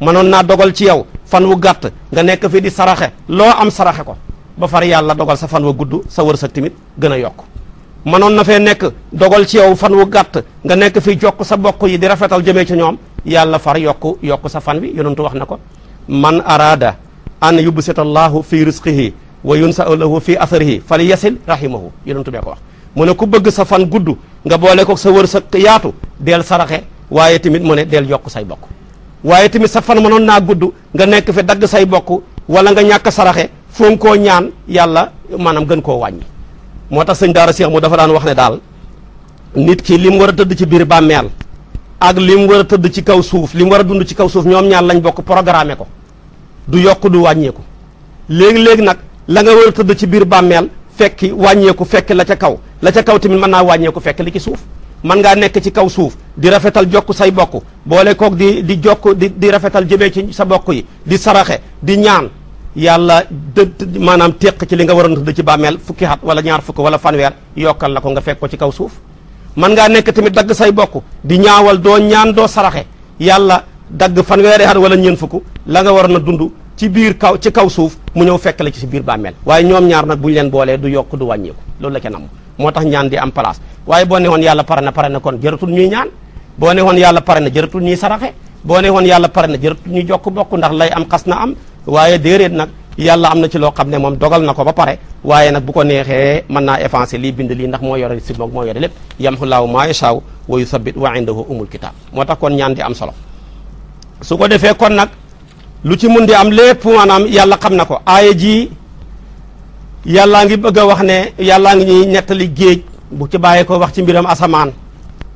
mënoon naa dogal ci yow fan wu gàtt nga nekk fi di saraxe loo am saraxe ko ba far yàlla dogal sa fan wa gudd sa war wërsëg tamit gën a yokk mënoon na fee nekk dogal ci yow fan wu gàtt nga nekk fi jokk sa bokk yi di rafetal jëmee ci ñoom yàlla far yokk yokk sa fan wi yonentu wax na ko man araada an yubsita allahu fi risqihi wa yunsau lahu fi atharihi fali yasil rahimahu yonentu bee ko wax mu ne ku bëgg sa fan gudd nga boole ko sa wër sa yaatu del saraxe waaye tamit mu ne del yokk say bokk waaye tamit sa fan mënoon naa gudd nga nekk fi dagg say bokk wala nga ñàkk saraxe foo koo ñaan yàlla maanaam gën koo wàññi moo tax sëñ daara Cheikh mu dafa daan wax ne daal nit ki li mu war a tëdd ci biir bàmmeel ak li mu war a tëdd ci kaw suuf li mu war a dund ci kaw suuf ñoom ñaar lañ bokk programme ko du yokk du wàññeeku léegi-léegi nag la nga war a tëdd ci biir bàmmeel fekki wàññeeku fekk la ca kaw la ca kaw tamit mën naa wàññeeku fekk li ci suuf mën ngaa nekk ci kaw suuf di rafetal jokk say bokk boole koog di di jokk di di rafetal jëmee ci sa bokk yi di saraxe di ñaan yàlla dë maanaam teq ci li nga waroon dëdd ci bàmmeel fukki at wala ñaar fukk wala fanweer yokkal la ko nga fekk ko ci kaw suuf man ngaa nekk tamit dagg say bokk di ñaawal doo ñaan doo saraxe yàlla dagg fanweeri at wala ñeen fukk la nga waroon na dund ci biir kaw ci kaw suuf mu ñëw fekk la ci si biir bàmmeel waaye ñoom ñaar nag bu leen boolee du yokk du wàññeeku loolu la ca nam moo tax ñaan di am place waaye boo ne woon yàlla pare na pare na kon jëratul ñuy ñaan boo ne yàlla pare na jëratul ñuy saraxe boo yàlla pare na jëratul ñuy jokk bokk ndax lay am xas na am waaye déedéet nag yàlla am na ci loo xam ne moom dogal na ko ba pare waaye nag bu ko neexee mën naa effacer lii bind lii ndax moo yore si moom moo yore lépp yamxullaahu maa yashaaw wa yusabbit wa indahu umul kitaab moo tax kon ñaan di am solo su ko defee kon nag lu ci mun di am lépp maanaam yàlla xam na ko aaya ji yàllaa ngi bëgg a wax ne yàllaa ngi ñuy nettali géej bu ci bàyyee ko wax ci mbiram asamaan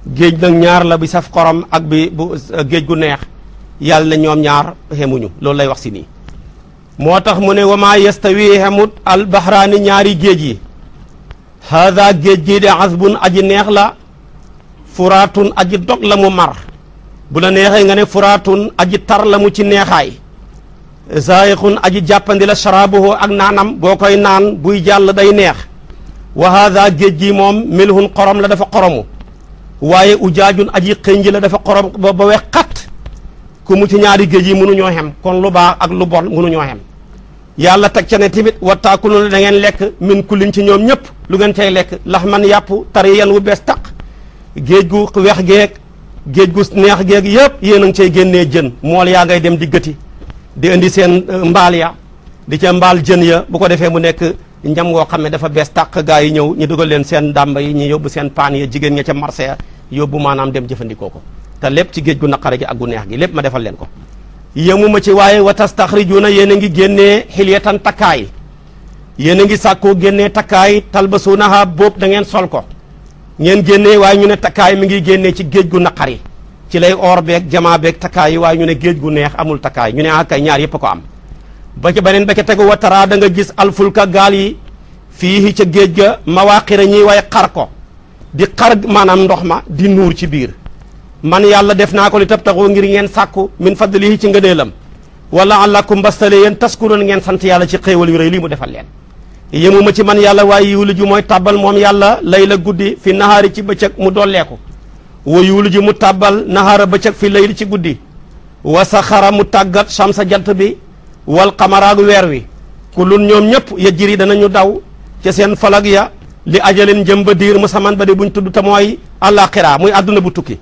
géej nag ñaar la bi saf xorom ak bi bu géej gu neex yàlla na ñoom ñaar xemuñu loolu lay wax si nii moo tax mu ne wamaa yastawi xamut albaxraani ñaari géej yi haada géej gii de xasbun aji neex la furaatun aji dog la mu mar bu la neexee nga ne furaatun aji tar la mu ci neexaay zaayiqun aji jàppandi la sharaabuhu ak naanam boo koy naan buy jàll day neex wa haada géej gi moom milhun xorom la dafa xoromu waaye ujaajun aji xënji la dafa xorom ba ba wex xat ku mu ci ñaari géej yi mënuñoo xem kon lu baax ak lu bon mënuñoo xem yàlla teg ca ne tamit wa taakuluuna da dangeen lekk min kullin ci ñoom ñëpp lu ngeen cay lekk lax man yàpp tariyan wu bees tàq géej gu weex geeg géej gu neex geeg yëpp yéen a ngi cay génnee jën mool yaa ngay dem di gëti di indi seen euh, mbaal ya di ca mbaal jën ya bu ko defee mu nekk ñam ngoo xam ne dafa bees tàq gaa yi ñëw ñu dugal leen seen dàmba yi ñu yóbbu seen paan ya jigéen ña ca marché ya yóbbu maanaam dem jëfandikoo ko te lépp ci géej gu naqare gi ak gu neex gi lépp ma defal leen ko yemuma ci waaye wa tastaxrijuuna yéen a ngi génnee xilyatan takkaay yéen a ngi sàkkoo génnee takkaay talbasuunaha boobu da dangeen sol ko ngeen génnee waaye ñu ne takkaay mi ngi génnee ci géej gu naqari ci lay or beeg jamaa beek takkaay yi waaye ñu ne géej gu neex amul takkaay ñu ne ah kay ñaar yépp ko am ba ci beneen ba ca tegu wa taraa da nga gis alfulka gaal yi fii ca géej ga ma mawaqira ñi way xar ko di xar maanaam ndox ma di nuur ci biir man yàlla def naa ko li tabtaxoo ngir ngeen sàkku min fadlihi ci ngëneelam wala allakum bastale yéen taskuroon ngeen sant yàlla ci xéewal wi rëy lii mu defal leen yëmuma ci man yàlla waaye yiwlu ji mooy tàbbal moom yàlla lay la guddi fi nahaari ci bëccëg mu dolleeku wa yiwlu ji mu tàbbal nahaara bëccëg fi layli ci guddi wa sa saxara mu tàggat samsa jant bi wal xamaraag weer wi kulun ñoom ñëpp ya jiri danañu daw ca seen falag ya li ajalin jëm ba diir musaman ba di buñ tudd te mooy àllaaxira muy àdduna bu tukki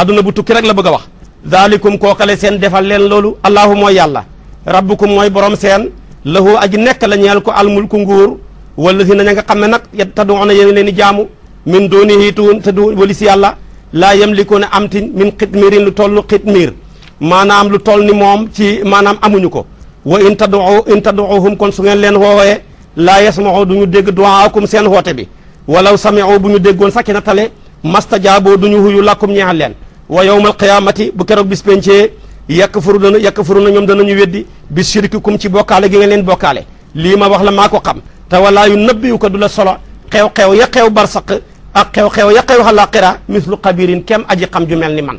àdduna bu tukki rek la bëgg a wax daalikum kookale seen defal leen loolu allahu mooy yàlla rabbukum mooy borom seen lahu aji nekk la ñeel ko almulku nguur wala si na ña nga xam ne nag tadduuna yéen leen di jaamu min duunihi tuun te du wali si yàlla laa ne yamlikuuna amtin min xitmirin lu toll xitmir maanaam lu toll ni moom ci maanaam amuñu ko wa in tad'u in tad'uhum kon su ngeen leen woowee laa yasma'u du ñu dégg du'aakum seen woote bi walaw sami'u bu ñu déggoon sakki na tale mastajaabu du ñu huyu lakum ñeexal leen wa yawmal qiyaamati bu keroog bis pencee yakfuru dana yakfuru na ñoom dana danañu weddi bi shirki kum ci bokkaale gi nga leen bokkaale lii ma wax la maa ko xam te walaa yu nëbbiwu ko du la solo xew-xew ya xew barsaq ak xew-xew ya xew àllaaxira mislu xabirin kem aji xam ju mel ni man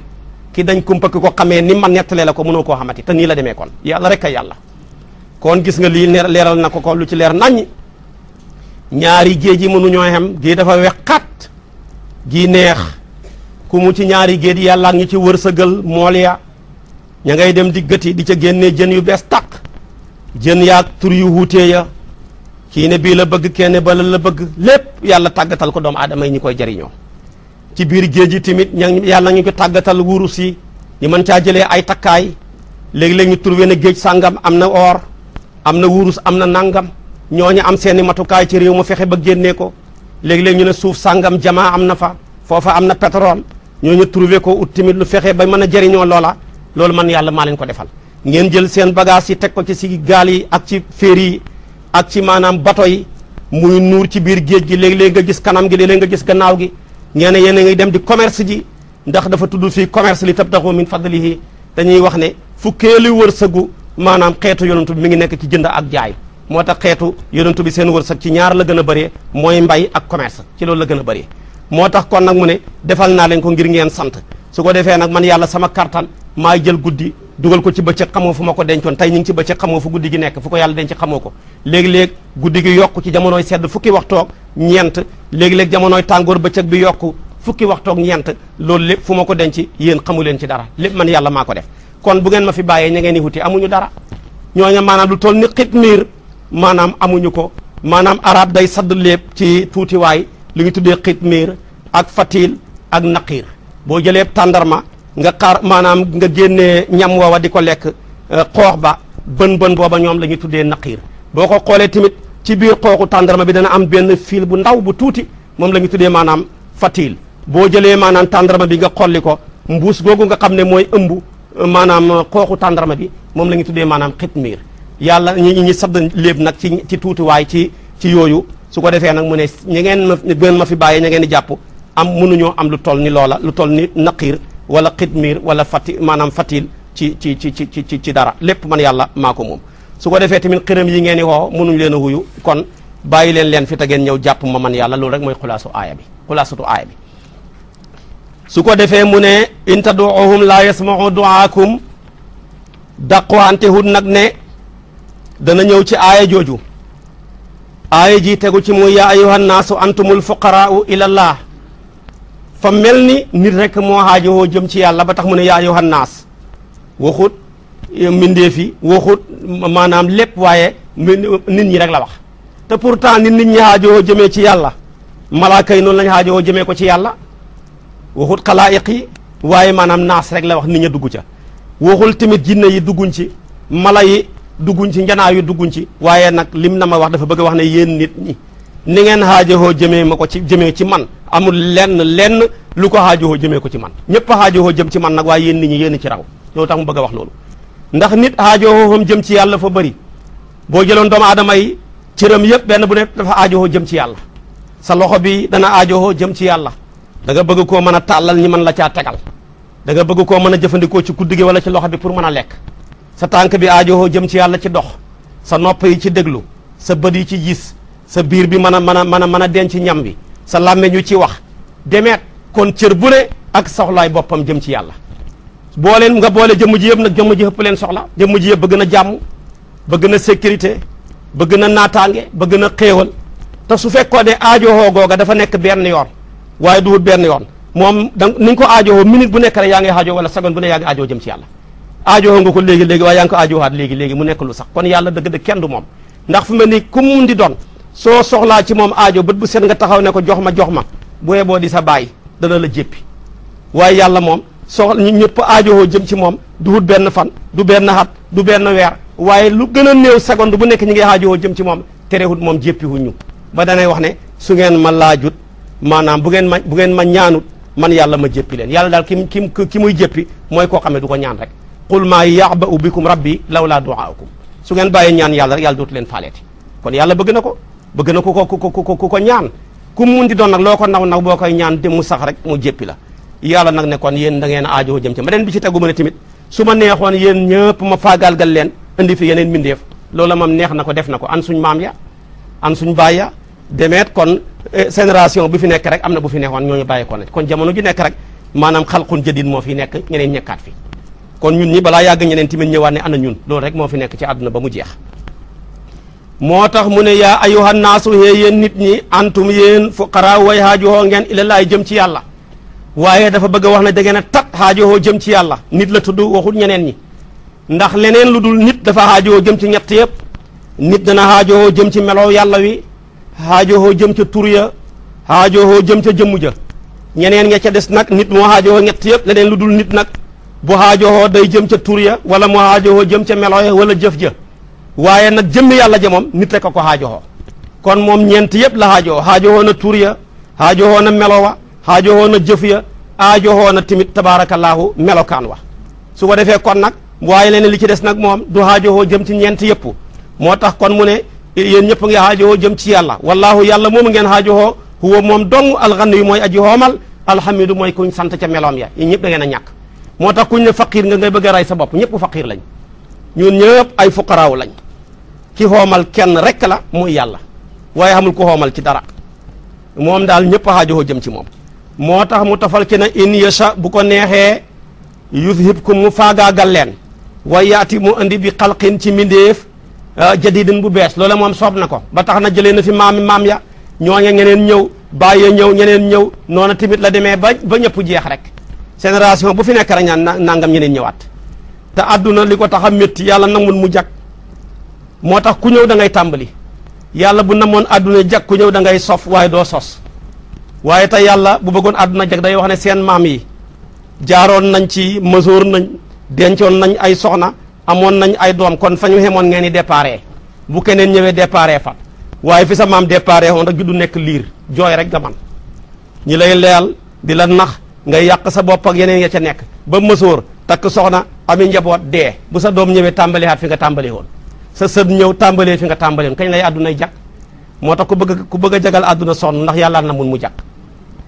ki dañ kumpa ki ko xamee ni man nettalee la ko mënoo koo xamati te nii la demee kon yàlla rek a yàlla kon gis nga lii leeral na ko ko lu ci leer naññ ñaari géej yi mënuñoo xem gii dafa weqat gii neex ku mu ci ñaari géej yàlla ngi ci wërsëgal mool ya ña ngay dem di gëti di ca génne jën yu bees tàq jën yaag tur yu wuutee ya kii ne bii la bëgg kenn ba la la bëgg lépp yàlla tàggatal ko doomu aadama yi ñu koy jariñoo ci biir géej yi tamit ña yàlla ñu ko tàggatal wurus yi ñu mën caa jëlee ay takkaay léegi-léeg ñu trouvé na géej sàngam am na or am na wurus am na nangam ñooñu am seeni matukaay ci réew ma fexe ba génnee ko léegi-léeg ñu ne suuf sàngam jamaa am na fa foofa am na pétrole ñu trouvé ko ut tamit lu fexe ba mën a jëriñoo loola loolu man yàlla maa leen ko defal ngeen jël seen bagage yi teg ko ci si gaal yi ak ci féeri yi ak ci maanaam bato yi muy nuur ci biir géej gi léeg-léeg nga gis kanam gi léeg-léeg nga gis gannaaw gi ngeen yéen a ngi dem di commerce ji ndax dafa tudd fii commerce li tabtaxu min fadlihi dañuy wax ne fukkeelu wërsëgu maanaam xeetu yonantu bi mi ngi nekk ci jënd ak jaay moo tax xeetu yonantu bi seen wërsëg ci ñaar la gën a bëree mooy mbay ak commerce ci loolu la gën a bëree moo tax kon nag mu ne defal naa leen ko ngir ngeen sant su ko defee nag man yàlla sama kartan maa jël guddi dugal ko ci bëccëg xamoo fu ma ko dencoon tey ñu ngi ci bëccëg xamoo fu guddi gi nekk fu ko yàlla denc xamoo ko léegi-léeg guddi gi yokk ci jamonoy sedd fukki waxtoog ñeent léegi-léeg jamonoy tàngoor bëccëg bi yokku fukki waxtoog ñeent loolu lépp fu ma ko denc yéen xamu leen ci dara lépp man yàlla maa ko def kon bu ngeen ma fi bàyyee ña ngeen wuti amuñu dara ñooñu maanaam lu toll ni xit maanaam amuñu ko maanaam arab day sadd lépp ci tuutiwaay li ñu tuddee xitmiir ak fatil ak naqiir boo jëlee tàndarma nga xaar maanaam nga génnee ñam woowa di ko lekk euh, xoox ba bën bën booba ñoom la ñuy tuddee naqiir boo ko xoolee tamit ci biir xooxu tàndarma bi dana am benn fiil bu ndaw bu tuuti moom la ñu tuddee maanaam fatil boo jëlee maanaam tàndarma bi nga xolli ko mbuus googu nga xam ne mooy ëmbu euh, maanaam euh, xooxu tàndarma bi moom la ñu tuddee maanaam miir yàlla ñi ñi sadd léeb nag ci ci tuutiwaay ci ci yooyu su ko defee nag mu ne ñi ngeen ma ma fi bàyyi ña ngeen di jàpp am mënuñoo am lu toll ni loola lu toll ni naqiir wala xidmiir wala fati maanaam fatil ci ci ci ci ci ci dara lépp man yàlla maa ko moom su ko defee tamit xërëm yi ngeen di woo mënuñ leen a wuyu kon bàyyi leen leen fi te ñëw jàpp ma man yàlla loolu rek mooy xulaasu aaya bi xulaasatu aaya bi su ko defee mu ne in taduuhum laa yasmau duaakum daqwante hut nag ne dana ñëw ci aaya jooju aaya ji tegu ci muy yaa ayuha naasu antumul fuqaraau ilallah fa mel ni nit rek moo xaajowoo jëm ci yàlla ba tax mu ne yaa ayuha naas waxut e, mbindee fi waxut maanaam lépp waaye nit ñi rek la wax te pourtant nit nit ñi xaajowoo jëmee ci yàlla malaaka yi noonu lañ xaajowoo jëmee ko ci yàlla waxut xalaayiq waaye maanaam naas rek la wax nit ña dugg ca waxul tamit jinne yi dugguñ ci mala yi dugguñ ci njanaayu dugguñ ci waaye nag lim na ma wax dafa bëgg a wax ne yéen nit ñi ni ngeen xaajowoo jëmee ma ko ci jëmee ci man amul lenn lenn lu ko xaajowoo jëmee ko ci man ñëpp a xaajowoo jëm ci man nag waaye yéen nit ñi yéen ci raw loolu tax mu bëgg a wax loolu ndax nit xaajowoo jëm ci yàlla fa bëri boo jëloon doomu aadama yi cëram yëpp benn bu nekk dafa aajowoo jëm ci yàlla sa loxo bi dana aajowoo jëm ci yàlla da nga bëgg koo mën a tàllal ñi mën la caa tegal da nga bëgg koo mën a jëfandikoo ci guddi wala ci loxo bi pour mën a lekk sa tànk bi aajowoo jëm ci yàlla ci dox sa nopp yi ci déglu sa bët yi ci gis sa biir bi mën a mën a mën a mën a denc ñam bi sa làmmeñ yu ci wax demeet kon cër bu ak soxlaay boppam jëm ci yàlla boo leen nga boole jëm ji yëpp nag jëmm ji yëpp leen soxla jëmm ji yëpp bëgg na jàmm bëgg na sécurité bëgg na naataange bëgg na xéewal te su fekkoo ne aajowoo googa dafa nekk benn yoon waaye duwut benn yoon moom da ni nga ko aajowoo minute bu nekk rek yaa ngi aajoo wala seconde bu ne yaa ngi jëm ci aajowoo nga ko léegi léegi waaye yaa ngi ko aajowaat léegi léegi mu nekk lu sax kon yàlla dëgg-dëgg kenn du moom ndax fu mel ni ku mu di doon soo soxlaa ci moom aajo bët bu set nga taxaw ne ko jox ma jox ma bu yeboo di sa baay dana la jéppi waaye yàlla moom soxla ñu aajo aajowoo jëm ci moom du wut benn fan du benn xat du benn weer waaye lu gën a néew seconde bu nekk ñi ngi aajowoo jëm ci moom terewut moom jéppiwu ñu ba danay wax ne su ngeen ma laajut maanaam bu ngeen ma bu ngeen ma ñaanut man yàlla ma jéppi leen yàlla daal ki ki ki muy jéppi mooy koo xam du ko ñaan rek qul maa ya'ba'u bikum rabbi lawlaa du'aa'ukum su ngeen bàyyi ñaan yàlla rek yàlla dootu leen faaleeti kon yàlla bëgg na ko bëgg na ko ko ku ko ku ko ñaan ku mu mun di doon nag loo ko naw naw boo koy ñaan te mu sax rek mu jéppi la yàlla nag ne kon yéen da ngeen aajoo jëm ci beneen bi ci tegu ma ne tamit su ma neexoon yéen ñëpp ma faagaalgal leen indi fi yeneen mbindeef loola ma neex na ko def na ko an suñ maam ya an suñ baay ya demeet kon eh, génération bu fi nekk rek am na bu fi neexoon ñooñu bàyyi ko na kon jamono ju nekk rek maanaam xalqun jadid moo fi nekk ñeneen ñekkaat fi kon ñun ñi balaa yàgg ñeneen tamit ñëwaan ne ana ñun loolu rek moo fi nekk ci àdduna ba mu jeex moo tax mu ne yaa ayuha hee yéen nit ñi antum yéen fuqaraa way xaajohoo ngeen ilallaahi jëm ci yàlla waaye dafa bëgg a wax ne da ngeen a tat xaajohoo jëm ci yàlla nit la tudd waxul ñeneen ñi ndax leneen lu dul nit dafa xaajohoo jëm ci ñett yëpp nit dana xaajohoo jëm ci melow yàlla wi xaajohoo jëm ca tur ya xaajohoo jëm ca jëmm ja ñeneen nga ca des nag nit moo xaajohoo ñett yëpp leneen lu dul nit nag bu xaajoxoo day jëm ca tur ya wala mu xaajoxoo jëm ca melo ya wala jëf ja waaye nag jëmmi yàlla ja moom nit ko a ko xaajoxoo kon moom ñeent yëpp la xaajoxoo xaajoxoo na tur ya xaajoxoo na melo wa xaajoxoo na jëf ya aajoxoo na tamit tabaarakallaahu melokaan wa su ko defee kon nag waaye leen li ci des nag moom du xaajoxoo jëm ci ñeent yëpp moo tax kon mu ne yéen ñëpp nga xaajoxoo jëm ci yàlla wallaahu yàlla moomu ngeen xaajoxoo huwa moom dong alxann yu mooy aji xoomal alxamidu mooy kuñ sant ca meloom ya ñëpp da a ñàkk moo tax kuñ ne faqir nga ngay bëgg a ray sa bopp ñëpp faqir lañ ñun ñëpp ay fuqaraaw lañ ki xoomal kenn rek la muy yàlla waaye xamul ku xoomal ci dara moom daal ñëpp xaajowoo jëm ci moom moo tax mu tofal ci na in yasha bu ko neexee yuzhibkum mu faagaagal leen wa yaati mu indi bi xalqin ci mindéef ah, jadidin bu bees loola moom soob na ko ba tax na jëlee na fi maami maam ya ñooña ñeneen ñëw bàyyi ñëw ñeneen ñëw noona tamit la demee ba ba ñëpp jeex rek génération bu fi nekk rek ñaan nangam ñeneen ñëwaat te àdduna li ko tax a métti yàlla namul mu jag moo tax ku ñëw da ngay tàmbali yàlla bu namoon àdduna jag ku ñëw da ngay sof waaye doo sos waaye te yàlla bu bëggoon àdduna jag day wax ne seen maam yi jaaroon nañ ci mesure nañ dencoon nañ ay soxna amoon nañ ay doom kon fa ñu xemoon ngeen di déparé bu keneen ñëwee déparé fa waaye fi sa maam déparé woon rek ju du nekk liir jooy rek nga man ñi lay leyal di la nax ngay yàq sa bopp ak yeneen ya ca nekk ba mësoor takk soxna ami njaboot dee bu sa doom ñëwee tàmbaleeaat fi nga tàmbalee woon sa sët ñëw tàmbalee fi nga tàmbalee kañ lay àdduna jàkk moo tax ku bëgg ku bëgg a jagal àdduna sonn ndax yàlla na mun mu jàkk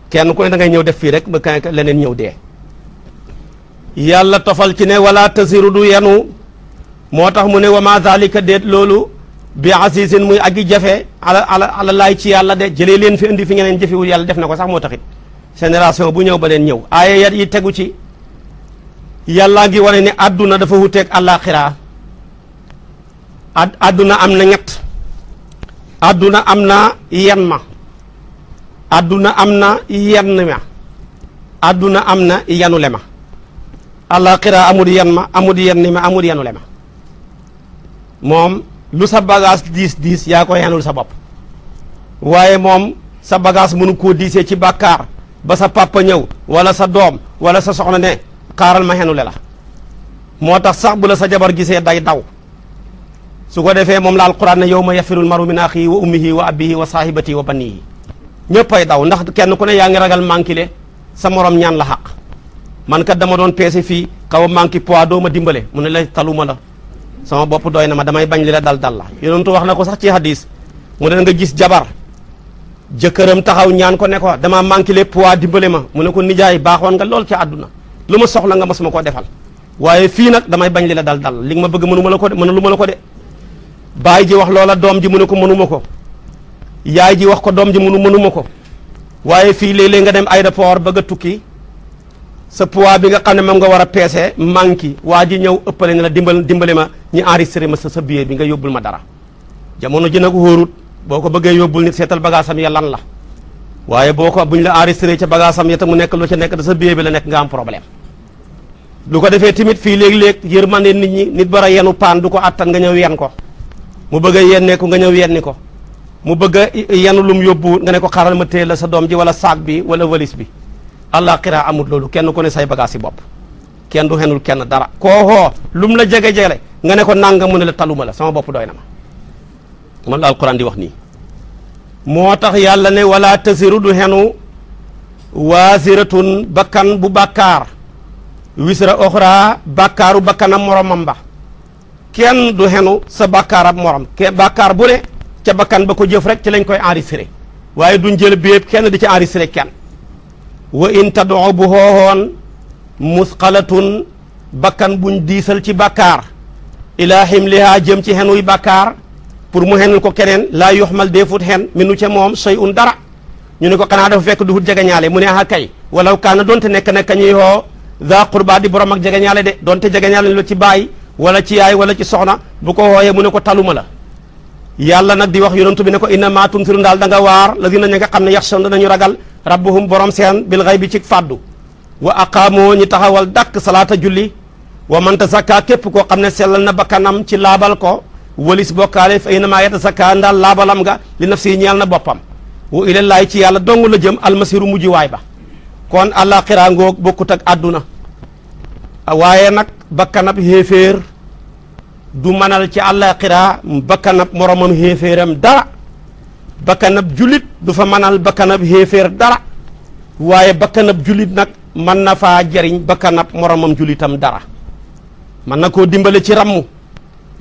kenn ku ne da ngay ñëw def fii rek ba kañ leneen ñëw dee yàlla tofal ci ne wala tasiru du yenu moo tax mu ne wa ma zalika déet loolu bi asisin muy agi jafe ala ala ala laay ci yàlla de jëlee leen fi indi fi ñeneen yàlla def na ko sax moo taxit génération bu ñëw ba leen ñëw aaya yat yi tegu ci yàllaa ngi wane ne àdduna dafa wuteeg àllaaxira àdduna am na ñett àdduna am na yenn ma àdduna am na yenn ma àdduna am na yanule ma àllaaxira amul yenn ma amul yenn ma amul yanule ma moom lu sa bagaas diis diis yaa ko yanul sa bopp waaye moom sa bagage mënu koo diisee ci bàkkaar ba sa papa ñëw wala sa doom wala sa soxna ne xaaral ma xenule la moo tax sax bu la sa jabar gisee day daw su ko defee moom la alquran ne yow ma yafirul maru min axihi wa ummihi wa abihi wa saahibatihi wa banihi ñëpp ay daw ndax kenn ku ne yaa ngi ragal manquile sa moroom ñaan la xaq man kat dama doon peese fii xaw a manqué poids doo ma dimbale mu ne la taluma la sama bopp dooy na ma damay bañ li la dal dal la yonentu wax na ko sax ci hadis mu ne nga gis jabar jëkkëram taxaw ñaan ko ne ko damaa manqué lépp waa dimbale ma mu ne ko nijaay baaxoon nga lool ci àdduna lu ma soxla nga mas ma koo defal waaye fii nag damay bañ li la dal dal li nga ma bëgg mënu ma la ko de mënu la ko de baay ji wax loola doom ji mu ne ko mënuma ko yaay ji wax ko doom ji mënu mënuma ko waaye fii léeg-léeg nga dem aéroport bëgg a tukki sa poids bi nga xam ne moom nga war a peese manqué waa ji ñëw ëppale ne la dimbal dimbale ma ñu enregistré ma sa sa biir bi nga yóbbul ma dara jamono ji nag wóorut boo ko bëggee yóbbul nit seetal bagaasam ya lan la waaye boo ko buñ la enregistré ca bagaasam ya te mu nekk lu ca nekk da sa billet bi la nekk nga am problème lu ko defee tamit fii léeg-léeg yërmande nit ñi nit bara yenu paan du ko attan nga ñëw yen ko mu bëgg yennee ko nga ñëw yenni ko mu bëgg a yenu lum yóbbu nga ne ko xaaral ma téye la sa doom ji wala saak bi wala valise bi allah xiraa amut loolu kenn ku ne say bagaas yi bopp kenn du xenul kenn dara koo xoo lum la jege-jele nga ne ko nanga mu ne la taluma la sama bopp doy na man la alquran di wax nii moo tax yàlla ne wala tasiru du xenu waasiratun bakkan bu bàkkaar wisra oxra bàkkaaru bakkanam moromam ba kenn du xenu sa bàkkaar ab morom ke bàkkaar bu ne ca bakkan ba ko jëf rek ci lañ koy enregistré waaye duñ jël béeb kenn di ci enregistré kenn wa in tadoo bu xooxoon musqalatun bakkan buñ diisal ci bàkkaar ilaa ximlihaa jëm ci xenuy bàkkaar pour mu xenal ko keneen laa yoxmal deefut xen minu ca moom soy un dara ñu ne ko xanaa dafa fekk duhut ñaale mu ne aha kay walaw kaana doonte nekk na ka ñuy xoo za qurba di borom ak ñaale de doonte jegeñaale la ci baay wala ci yaay wala ci soxna bu ko xooyee mu ne ko taluma la yàlla nag di wax yonentu bi ne ko innama tunfiru daal da nga waar la lazina ña nga xam ne na ñu ragal rabbuhum borom seen bil xaybi ci fàddu wa aqaamoo ñi taxawal dàkk salaata julli wa man tazakka képp koo xam ne sellal na bakkanam ci laabal ko walis bokkaale fa inama yatasakka ndaal laabalam nga li naf si ñeel na boppam wa ilallaahi ci yàlla dong la jëm almasiru mujj waay ba kon àllaaxira ngoog bokkut ak àdduna waaye nag bakkanab xéeféer du mënal ci àllaaxira bakkanab moromam xéeféeram dara bakkanab julit du fa mënal bakkanab xéeféer dara waaye bakkanab julit nag mën na faa jariñ bakkanab moromam julitam dara mën na koo dimbale ci ramm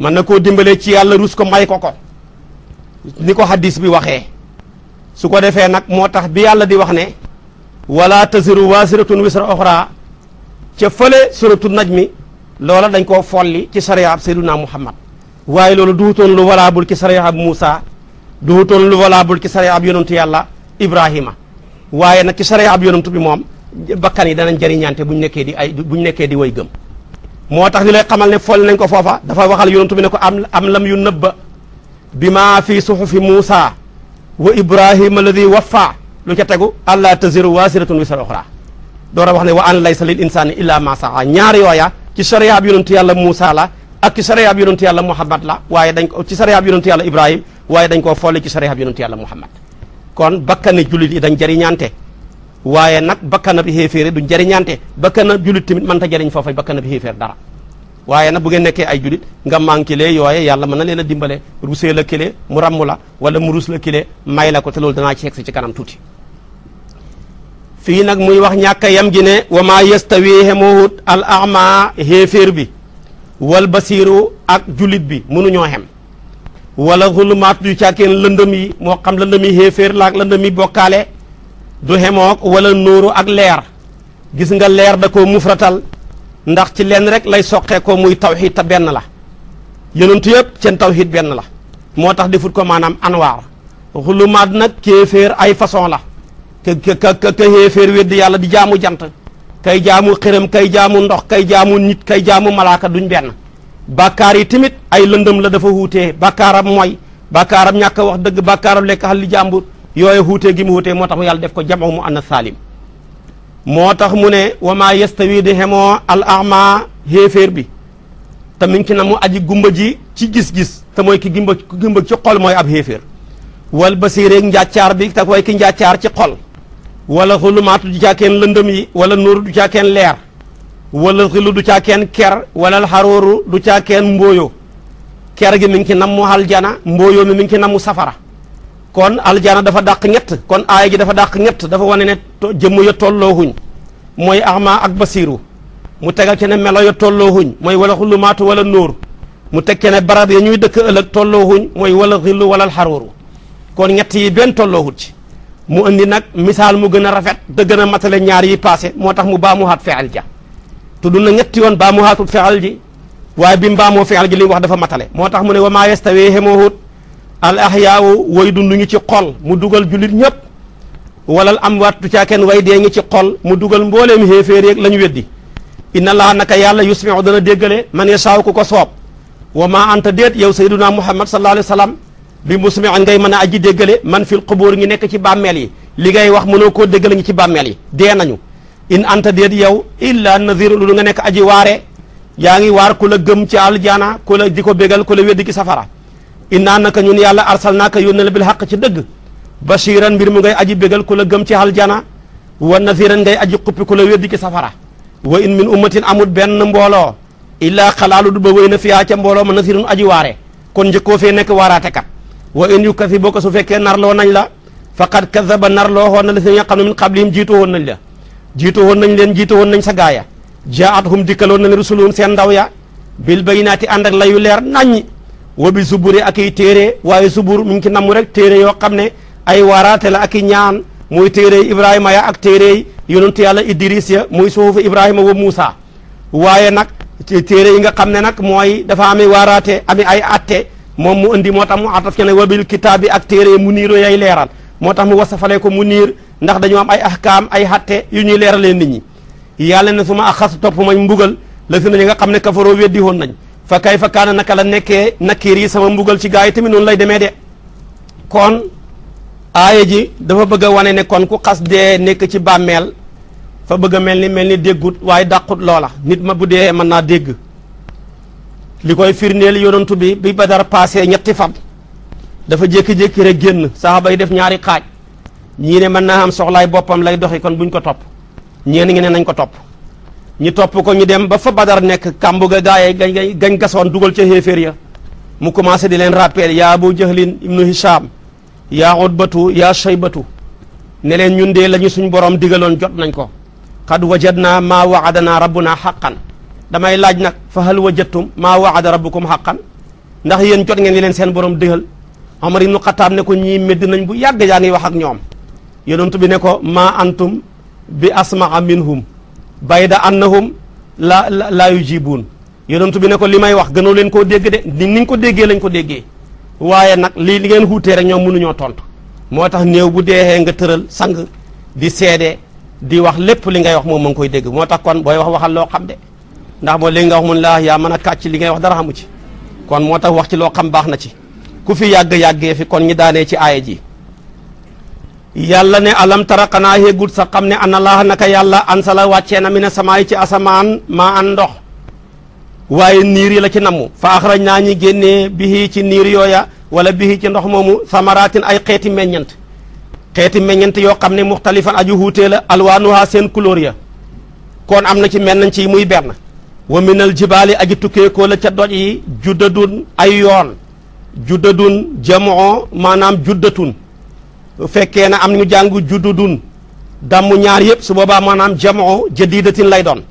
mën na koo dimbalee ci yàlla rus ko may ko ko ni ko hadis bi waxee su ko defee nag moo tax bi yàlla di wax ne wala taziru waziratun wisra oxra ca fële suratu naj mi loola dañ koo folli ci sariyaab seyduna muhammad waaye loolu duutoon lu valable ci sariyaab Muusa duutoon lu valable ci sariyaab yonantu yàlla Ibrahima waaye nag ci ab yonantu bi moom bakkan yi danañ bu ñu nekkee di ay buñ nekkee di way gëm moo tax ñu lay xamal ne fool nañ ko foofa dafa waxal yonantu bi ne ko am am lam yu nëbba bi maa fi suxufi Muusa wa Ibrahima alladi waffa lu ca tegu allaa taziru waasiratun wisra uxra door a wax ne wa an laysa lil insaani illa ma saa ñaar yooya ci sariya bi yonantu yàlla Muusa la ak ci sariya bi yonantu yàlla Muhammad la waaye dañ ko ci sariya bi yonantu yàlla Ibrahima dañ koo foole ci sariya bi yonantu yàlla Muhammad kon bakkani jullit yi dañ jëriñante waaye nag bakkana bakkanab xéeféere du jariñante bakkanab julit tamit mën ta jariñ foofa bakkanab xéeféer dara waaye nag bu ngeen nekkee ay julit nga manquile yooye yàlla mën na leen a dimbale rusee la kile mu ràmm la wala mu rus la kile may la ko te loolu danaa ci yegsi ci kanam tuuti fii nag muy wax ñàkk yam gi ne wa maa yastawi xemoowut al ama xéeféer bi wal basiiru ak julit bi mënuñoo xem wala xulumaat yu caakeen lëndëm yi moo xam lëndëm yi xéeféer la ak lëndëm yi du xemoog wala nuuru ak leer gis nga leer da ko mufratal ndax ci lenn rek lay soqee ko muy tawxiid te benn la yonentu yëpp seen tawxiid benn la moo tax defut ko maanaam anwaar xulumaat nag kéeféer ay façon la ka ka ka kéeféer weddi yàlla di jaamu jant kay jaamu xërëm kay jaamu ndox kay jaamu nit kay jaamu malaaka duñu benn bàkkaar yi tamit ay lëndëm la dafa wuutee bàkkaaram mooy bàkkaaram ñàkk a wax dëgg bàkkaaram lekk xal li jàmbur yooyu xuutee gi mu xuutee moo tax mu def ko jamu mu anna tax mu ne wa maa yastawi di xemoo al ama xéeféer bi te mi ngi ci na mu aji gumba ji ci gis-gis te mooy ki gumba ki gumba ci xol mooy ab xéeféer wal basiireeg njàccaar bi te mooy ki njàccaar ci xol wala xulumaatu du caa kenn lëndëm yi wala nuuru du caa leer wala xilu du caa kenn ker wala xarooru du caa kenn mbooyo ker gi mi ngi ci nam mu aljana mbooyo mi mi ngi nam mu safara kon aljana dafa dàq ñett kon aaya dafa dàq ñett dafa wane ne jëmm ya tolloowuñ mooy axma ak basiru mu tegal ci ne melo ya tolloowuñ mooy wala xulumaatu wala nóor mu teg ci ne barab ya ñuy dëkk ëllëg tolloowuñ mooy wala xillu wala xarooru kon ñetti yi benn tolloowul ci mu indi nag misaal mu gën a rafet te gën a matale ñaar yi passé moo tax mu baamuwaat fexel ja tudd na ñetti yoon baamuwaatul fexel ji waaye bi mu baamoo fexel ji li mu wax dafa matale moo tax mu ne wa al ahyaawu way dund ngi ci xol mu dugal jullit ñëpp walal amwaat du caa kenn way dee ngi ci xol mu dugal mbooleem xéeféer yeeg la ñu weddi inna allaha naka yàlla yusmiu dana déggale man yasaaw ku ko soob wa ma anta déet yow sayyiduna muhammad sallallahu alayhi wa sallam bi musmi'an ngay mën a aji déggale man fil qubuur ngi nekk ci bàmmeel yi li ngay wax mënoo koo déggale ngi ci bàmmeel yi dee nañu in anta déet yow illa nadhir lu nga nekk aji waare yaa ngi waar ku la gëm ci aljaana ku la di ko bégal ku la weddi ki safara innaa naka ñun yàlla arsalnaaka yónne la bil xaq ci dëgg bashiran mbir mu ngay aji bégal ku la gëm ci aljana wa nasiran ngay aji xuppi ku la weddi ci safara wa in min ummatin amul benn mbooloo illaa xalaalu du ba wéy na a ca mbooloo ma nasirun aji waare kon njëkkoo fee nekk waaraatekat wa in yu kasi boo ko su fekkee narloo nañ la faqad kazaba narloo xoon na la si nga xam ne min qablihim jiitu woon nañ la jiitu woon nañ leen jiitu woon nañ sa gaaya jaat hum dikkaloon nañ rusuluhum seen ndaw ya bil bayinaati ànd ak layu leer wobi suburi ak téere waaye subur mi ngi ci namm rek téere yoo xam ne ay waaraate la ak i ñaan mooy téere Ibrahima ya ak téere yonentu yàlla Idris mooy muy suhufu Ibrahima wa Muusa waaye nag téere yi nga xam ne nag mooy dafa ami waaraate ami ay atte moom mu indi moo tax mu ataf ca ne bi ak téere mu niiro yay leeral moo tax mu wasafalee ko mu niir ndax dañoo am ay ahkaam ay atte yu ñuy leeralee nit ñi yàlla ne su ma xas topp mañ mbugal la fi na ñi nga xam ne kafaroo weddi woon nañ fa kay fa kaana naka la nekkee nakkiir yi sama mbugal ci gaa yi tamit noonu lay demee de kon aaya ji dafa bëgg a wane ne kon ku xas dee nekk ci bàmmeel fa bëgg mel ni mel ni déggut waaye dàqut loola nit ma bu dee mën naa dégg li koy firndeel yonantu bi bi dara paase ñetti fan dafa jékki-jékki rek génn saxaba bay def ñaari xaaj ñii ne mën naa am soxlaay boppam lay doxi kon buñ ko topp ñeen ngi ne nañ ko topp ñi topp ko ñu dem ba fa badar nekk kàmb ga gaaye gañ gañ gasoon dugal ca xéeféer ya mu commencé di leen rappel yaa abu jahlin ibnu hisham yaa utbatu yaa shaybatu ne leen ñun dee lañu ñu suñ borom digaloon jot nañ ko qad wajadna maa waadana naa xaqan damay laaj nag fa hal wajadtum maa waada rabbukum xaqan ndax yéen jot ngeen yi leen seen borom digal Omar nu Xataab ne ko ñii medd nañ bu yàgg yaa ngi wax ak ñoom yonent bi ne ko maa antum bi asmaa minhum bayda annahum la laa yujibuun yonent bi ne ko li may wax gënoo leen koo dégg de ni niñ ko déggee lañ ko déggee waaye nag lii li ngeen xuutee rek ñoom mënuñoo tontu moo tax néew bu deexee nga tëral sang di seede di wax lépp li ngay wax moom ma ngi koy dégg moo tax kon booy wax waxal loo xam de ndax moo léegi nga wax mun laa yaa mën a kàcc li ngay wax dara xamu ci kon moo tax wax ci loo xam baax na ci ku fi yàgg-yàggee fi kon ñi daanee ci aaya ji yàlla ne alam tara xanaa sa xam ne ana laa naka yàlla ansala wàccee na mi ne samaay ci asamaan maa an ndox waaye niir yi la ci namu fa axraj naa ñi bihi ci niir yooya wala bihi ci ndox moomu samaraatin ay xeeti meññant xeeti meññent yoo xam ne muxtalifan aju huutee la alwaanuha seen couleur ya kon am na ci menn ci muy benn wa minal jibaali aji tukkeekoo la ca doj yi juddadun ay yoon juddadun jamoo maanaam juddatun fekkee na am ñu jàng juddudun damm ñaar yëpp su boobaa maanaam jamoo jadiidatin lay doon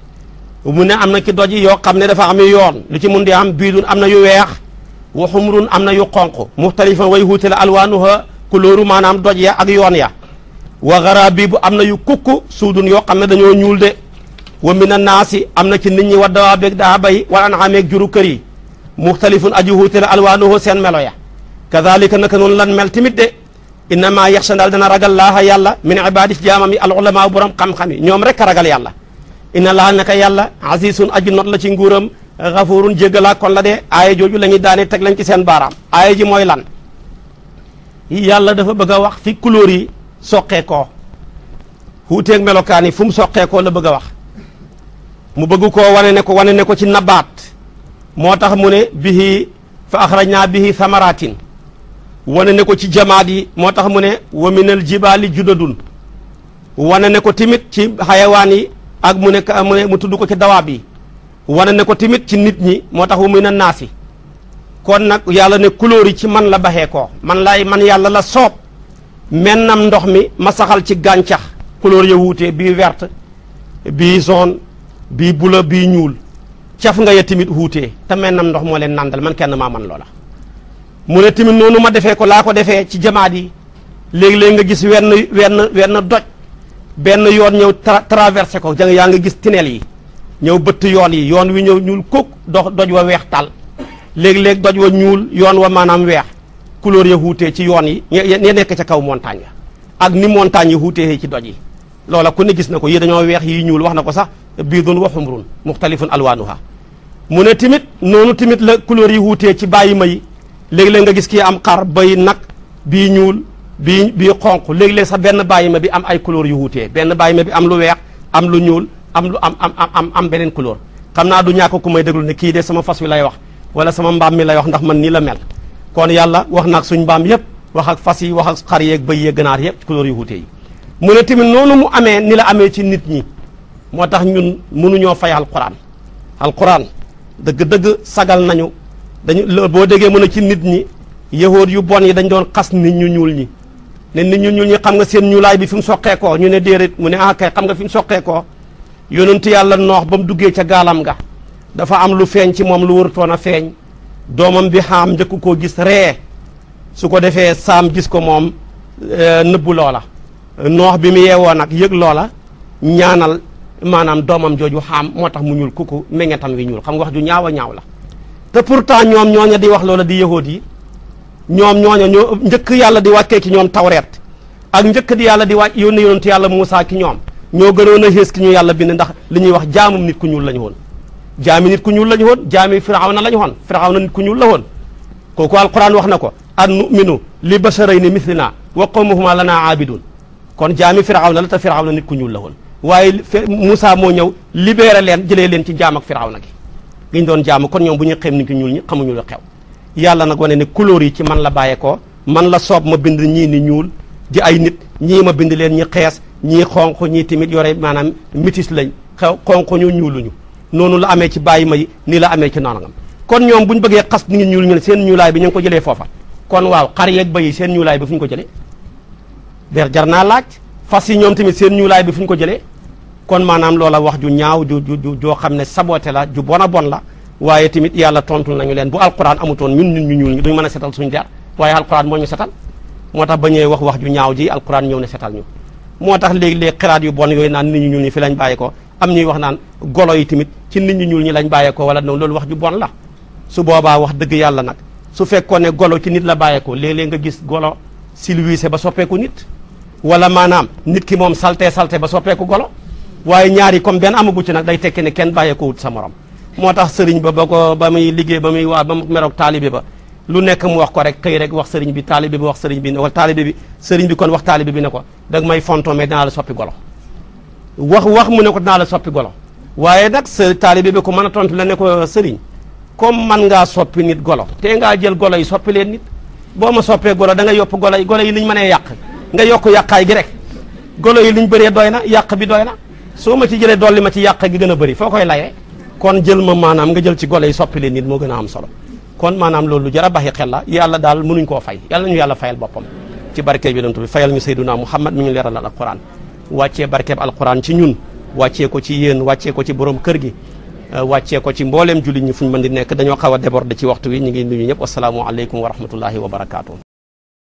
mu ne am na ki doj yoo xam ne dafa am yoon lu ci mun di am biidun am na yu weex wa xumrun am na yu xonq muxtalifan way huutale alwaanuha kulóoru maanaam doj ya ak yoon ya wa garaabiibu am na yu kukk suudun yoo xam ne dañoo ñuul de wa mina naasi am na ci nit ñi wa dawaabeeg daa bay wala anaameeg juru kër yi muxtalifun aji huutale alwaanuha seen melo ya kazalika noonu lan mel innama yaxsha daal dana ragal laaha yàlla min ibaadi ci jaamam yi al ulama borom xam-xam yi ñoom rek a ragal yàlla inna laaha naka yàlla azizun aju not la ci nguuram xafurun jéggalaa kon la de aaya jooju la ñuy daane teg lañ ci seen baaraam aaya ji mooy lan yàlla dafa bëgg a wax fi couleur yi soqee koo xuuteeg melokaan yi fu mu soqee la bëgg a wax mu bëgg ko wane ne ko wane ne ko ci nabaat moo tax mu ne bihi fa axrajnaa bihi samaratin wane ne ko ci jamaat yi moo tax mu ne wa minal jibaali judadun wane na ko timit ci xayawaan yi ak mu ne mu ne mu tudd ko ci dawaab yi wane na ko tamit ci nit ñi moo tax wa minan naas yi kon nag yàlla ne couleur yi ci man la baxee koo man laay man yàlla la soob mennam ndox mi ma saxal ci gàncax couleur ya wuutee bii verte bii zone bii bleu bii ñuul caf nga ya tamit wuutee te mennam ndox moo leen nàndal man kenn maam man loola mu ne tamit noonu ma defee ko laa ko defee ci jamaat yi léegi-léegi nga gis wenn wenn wenn doj benn yoon ñëw traversé ko jang yaa nga gis tineel yi ñëw bëtt yoon yi yoon wi ñëw ñuul kook dox doj wa weex tàll léegi-léegi doj wa ñuul yoon wa maanaam weex couleur ya wuutee ci yoon yi ñe nekk ca kaw montagne ak ni montagne yi wuutee ci doj yi loola ku ne gis na ko yii dañoo weex yi ñuul wax na ko sax biidun wa xumrun muxtalifun alwaanuha mu ne tamit noonu tamit la couleur yi wuutee ci bàyyi ma léegi-léeg nga gis ki am xar bay nag bii ñuul bii bii xonq léegi-léeg sax benn bàyyi ma bi am ay couleurs yu wuutee benn bàyyi ma bi am lu weex am lu ñuul am lu am am am am beneen couleur xam naa du ñàkk ku may déglu ne kii de sama fas wi lay wax wala sama mbaam mi lay wax ndax man nii la mel kon yàlla wax naag suñ mbaam yépp wax ak fas yi wax ak xar yeeg bëy yeeg ganaar yépp couleur yu wuute yi mu ne tamit noonu mu amee ni la amee ci nit ñi moo tax ñun mënuñoo fay alquran sagal nañu dañu loolu boo déggee mën a ci nit ñi yahood yu bon yi dañ doon xas nit ñu ñuul ñi ne nit ñu ñuul ñi xam nga seen ñuulaay bi fi mu soqee koo ñu ne déedéet mu ne ah kay xam nga fi mu soqee koo ti yàlla noox ba mu duggee ca gaalam nga dafa am lu feeñ ci moom lu warutoon a feeñ doomam bi xaam njëkk koo gis ree su ko defee saam gis ko moom e, nëbbu loola noox bi mu yeewoo nag yëg loola ñaanal maanaam doomam jooju xaam moo tax mu ñuul kuku meññetam wi ñuul xam nga wax ju ñaaw a ñaaw la te pourtant ñoom ñooña di wax loola di yahood yi ñoom ñooña ñoo njëkk yàlla di wàccee ci ñoom tawreet ak njëkk di yàlla di wàcc yónni yonent yàlla Muusaa ki ñoom ñoo gënoon a xées ki ñu yàlla bind ndax li ñuy wax jaamum nit ku ñuul lañu woon jaami nit ku ñuul lañu woon jaami firawna lañu woon firawna nit ku ñuul la woon kooku alquran wax na ko an nu'minu li basharayni mithlina wa qawmuhuma lana aabidun kon jaami firawna la te firawna nit ku ñuul la woon waaye Muusaa moo ñëw libéré leen jëlee leen ci jaam ak firawna giñ doon jaamu kon ñoom bu ñu xem ni ki ñuul ñi xamuñu lu xew yàlla nag wane ne couleur yi ci man la bàyyeekoo man la soob ma bind ñii ni ñuul di ay nit ñii ma bind leen ñi xees ñii xonq ñii tamit yore maanaam métis lañ xew xonq ñu ñuuluñu noonu la amee ci bàyyi may nii la amee ci noonangam kon ñoom bu ñu bëggee xas ni ngi ñuul ñu seen ñuulaay bi ñu ko jëlee foofa kon waaw xar yeeg bëy seen ñuulaay bi fu ñu ko jëlee der jar naa laaj fas yi ñoom tamit seen ñuulaay bi fu ñu ko jëlee kon maanaam loola wax ju ñaaw ju ju joo xam ne saboté la ju bon a bon la waaye tamit yàlla tontu nañu leen bu alquran amutoon ñun ñun ñu ñuul ñi duñ mën a setal suñu der waaye alquran moo ñu setal moo tax ba ñëwee wax wax ju ñaaw ji alquran ñëw na setal ñu moo tax léegi-léeg xiraat yu bon yooyu naan nit ñu ñuul ñi fi lañ bàyyi ko am ñuy wax naan golo yi tamit ci nit ñu ñuul ñi lañ bàyyeekoo wala noonu loolu wax ju bon la su boobaa wax dëgg yàlla nag su fekkoon ne golo ci nit la bàyyeekoo léeg nga gis golo silwiise ba soppeeku nit wala maanaam nit ki moom salté salté ba soppeeku golo waaye ñaari comme benn amagu ci nag day tekki ne kenn bàyyee ko wut sa morom moo tax sëriñ ba ba ko ba muy liggéey ba muy waa ba mu meroog taalibe ba lu nekk mu wax ko rek këy rek wax sëriñ bi taalibe bi wax sëriñ bi ne ko taalibe bi sëriñ bi kon wax taalibe bi ne ko dag may fonto mais la soppi golo wax wax mu ne ko dinaa la soppi golo waaye nag sa taalibe bi ko mën a tontu la ne ko sëriñ comme man ngaa soppi nit golo te ngaa jël golo yi soppi leen nit boo ma soppee golo da nga yopp golo yi golo yi liñ mënee yàq nga yokk yàqaay gi rek golo yi liñ bëree doy na yàq bi doy na soo ma ci jëlee dolli ma ci yàq gi gën a bëri foo koy laye kon jël ma maanaam nga jël ci gole yi soppi nit moo gën a am solo kon maanaam loolu lu jar a baxi xel la yàlla daal mënuñ koo fay yàlla ñu yàlla fayal boppam ci barkeeb yonent bi fayal ñu sayduna muhammad mi ñu leeralal alquran wàccee barkeeb alquran ci ñun wàccee ko ci yéen wàccee ko ci borom kër gi euh, wàccee ko ci mbooleem jullit ñi fu ñu mën di nekk dañoo xaw a déborder ci waxtu wi ñu wa rahmatullahi wa barakaatu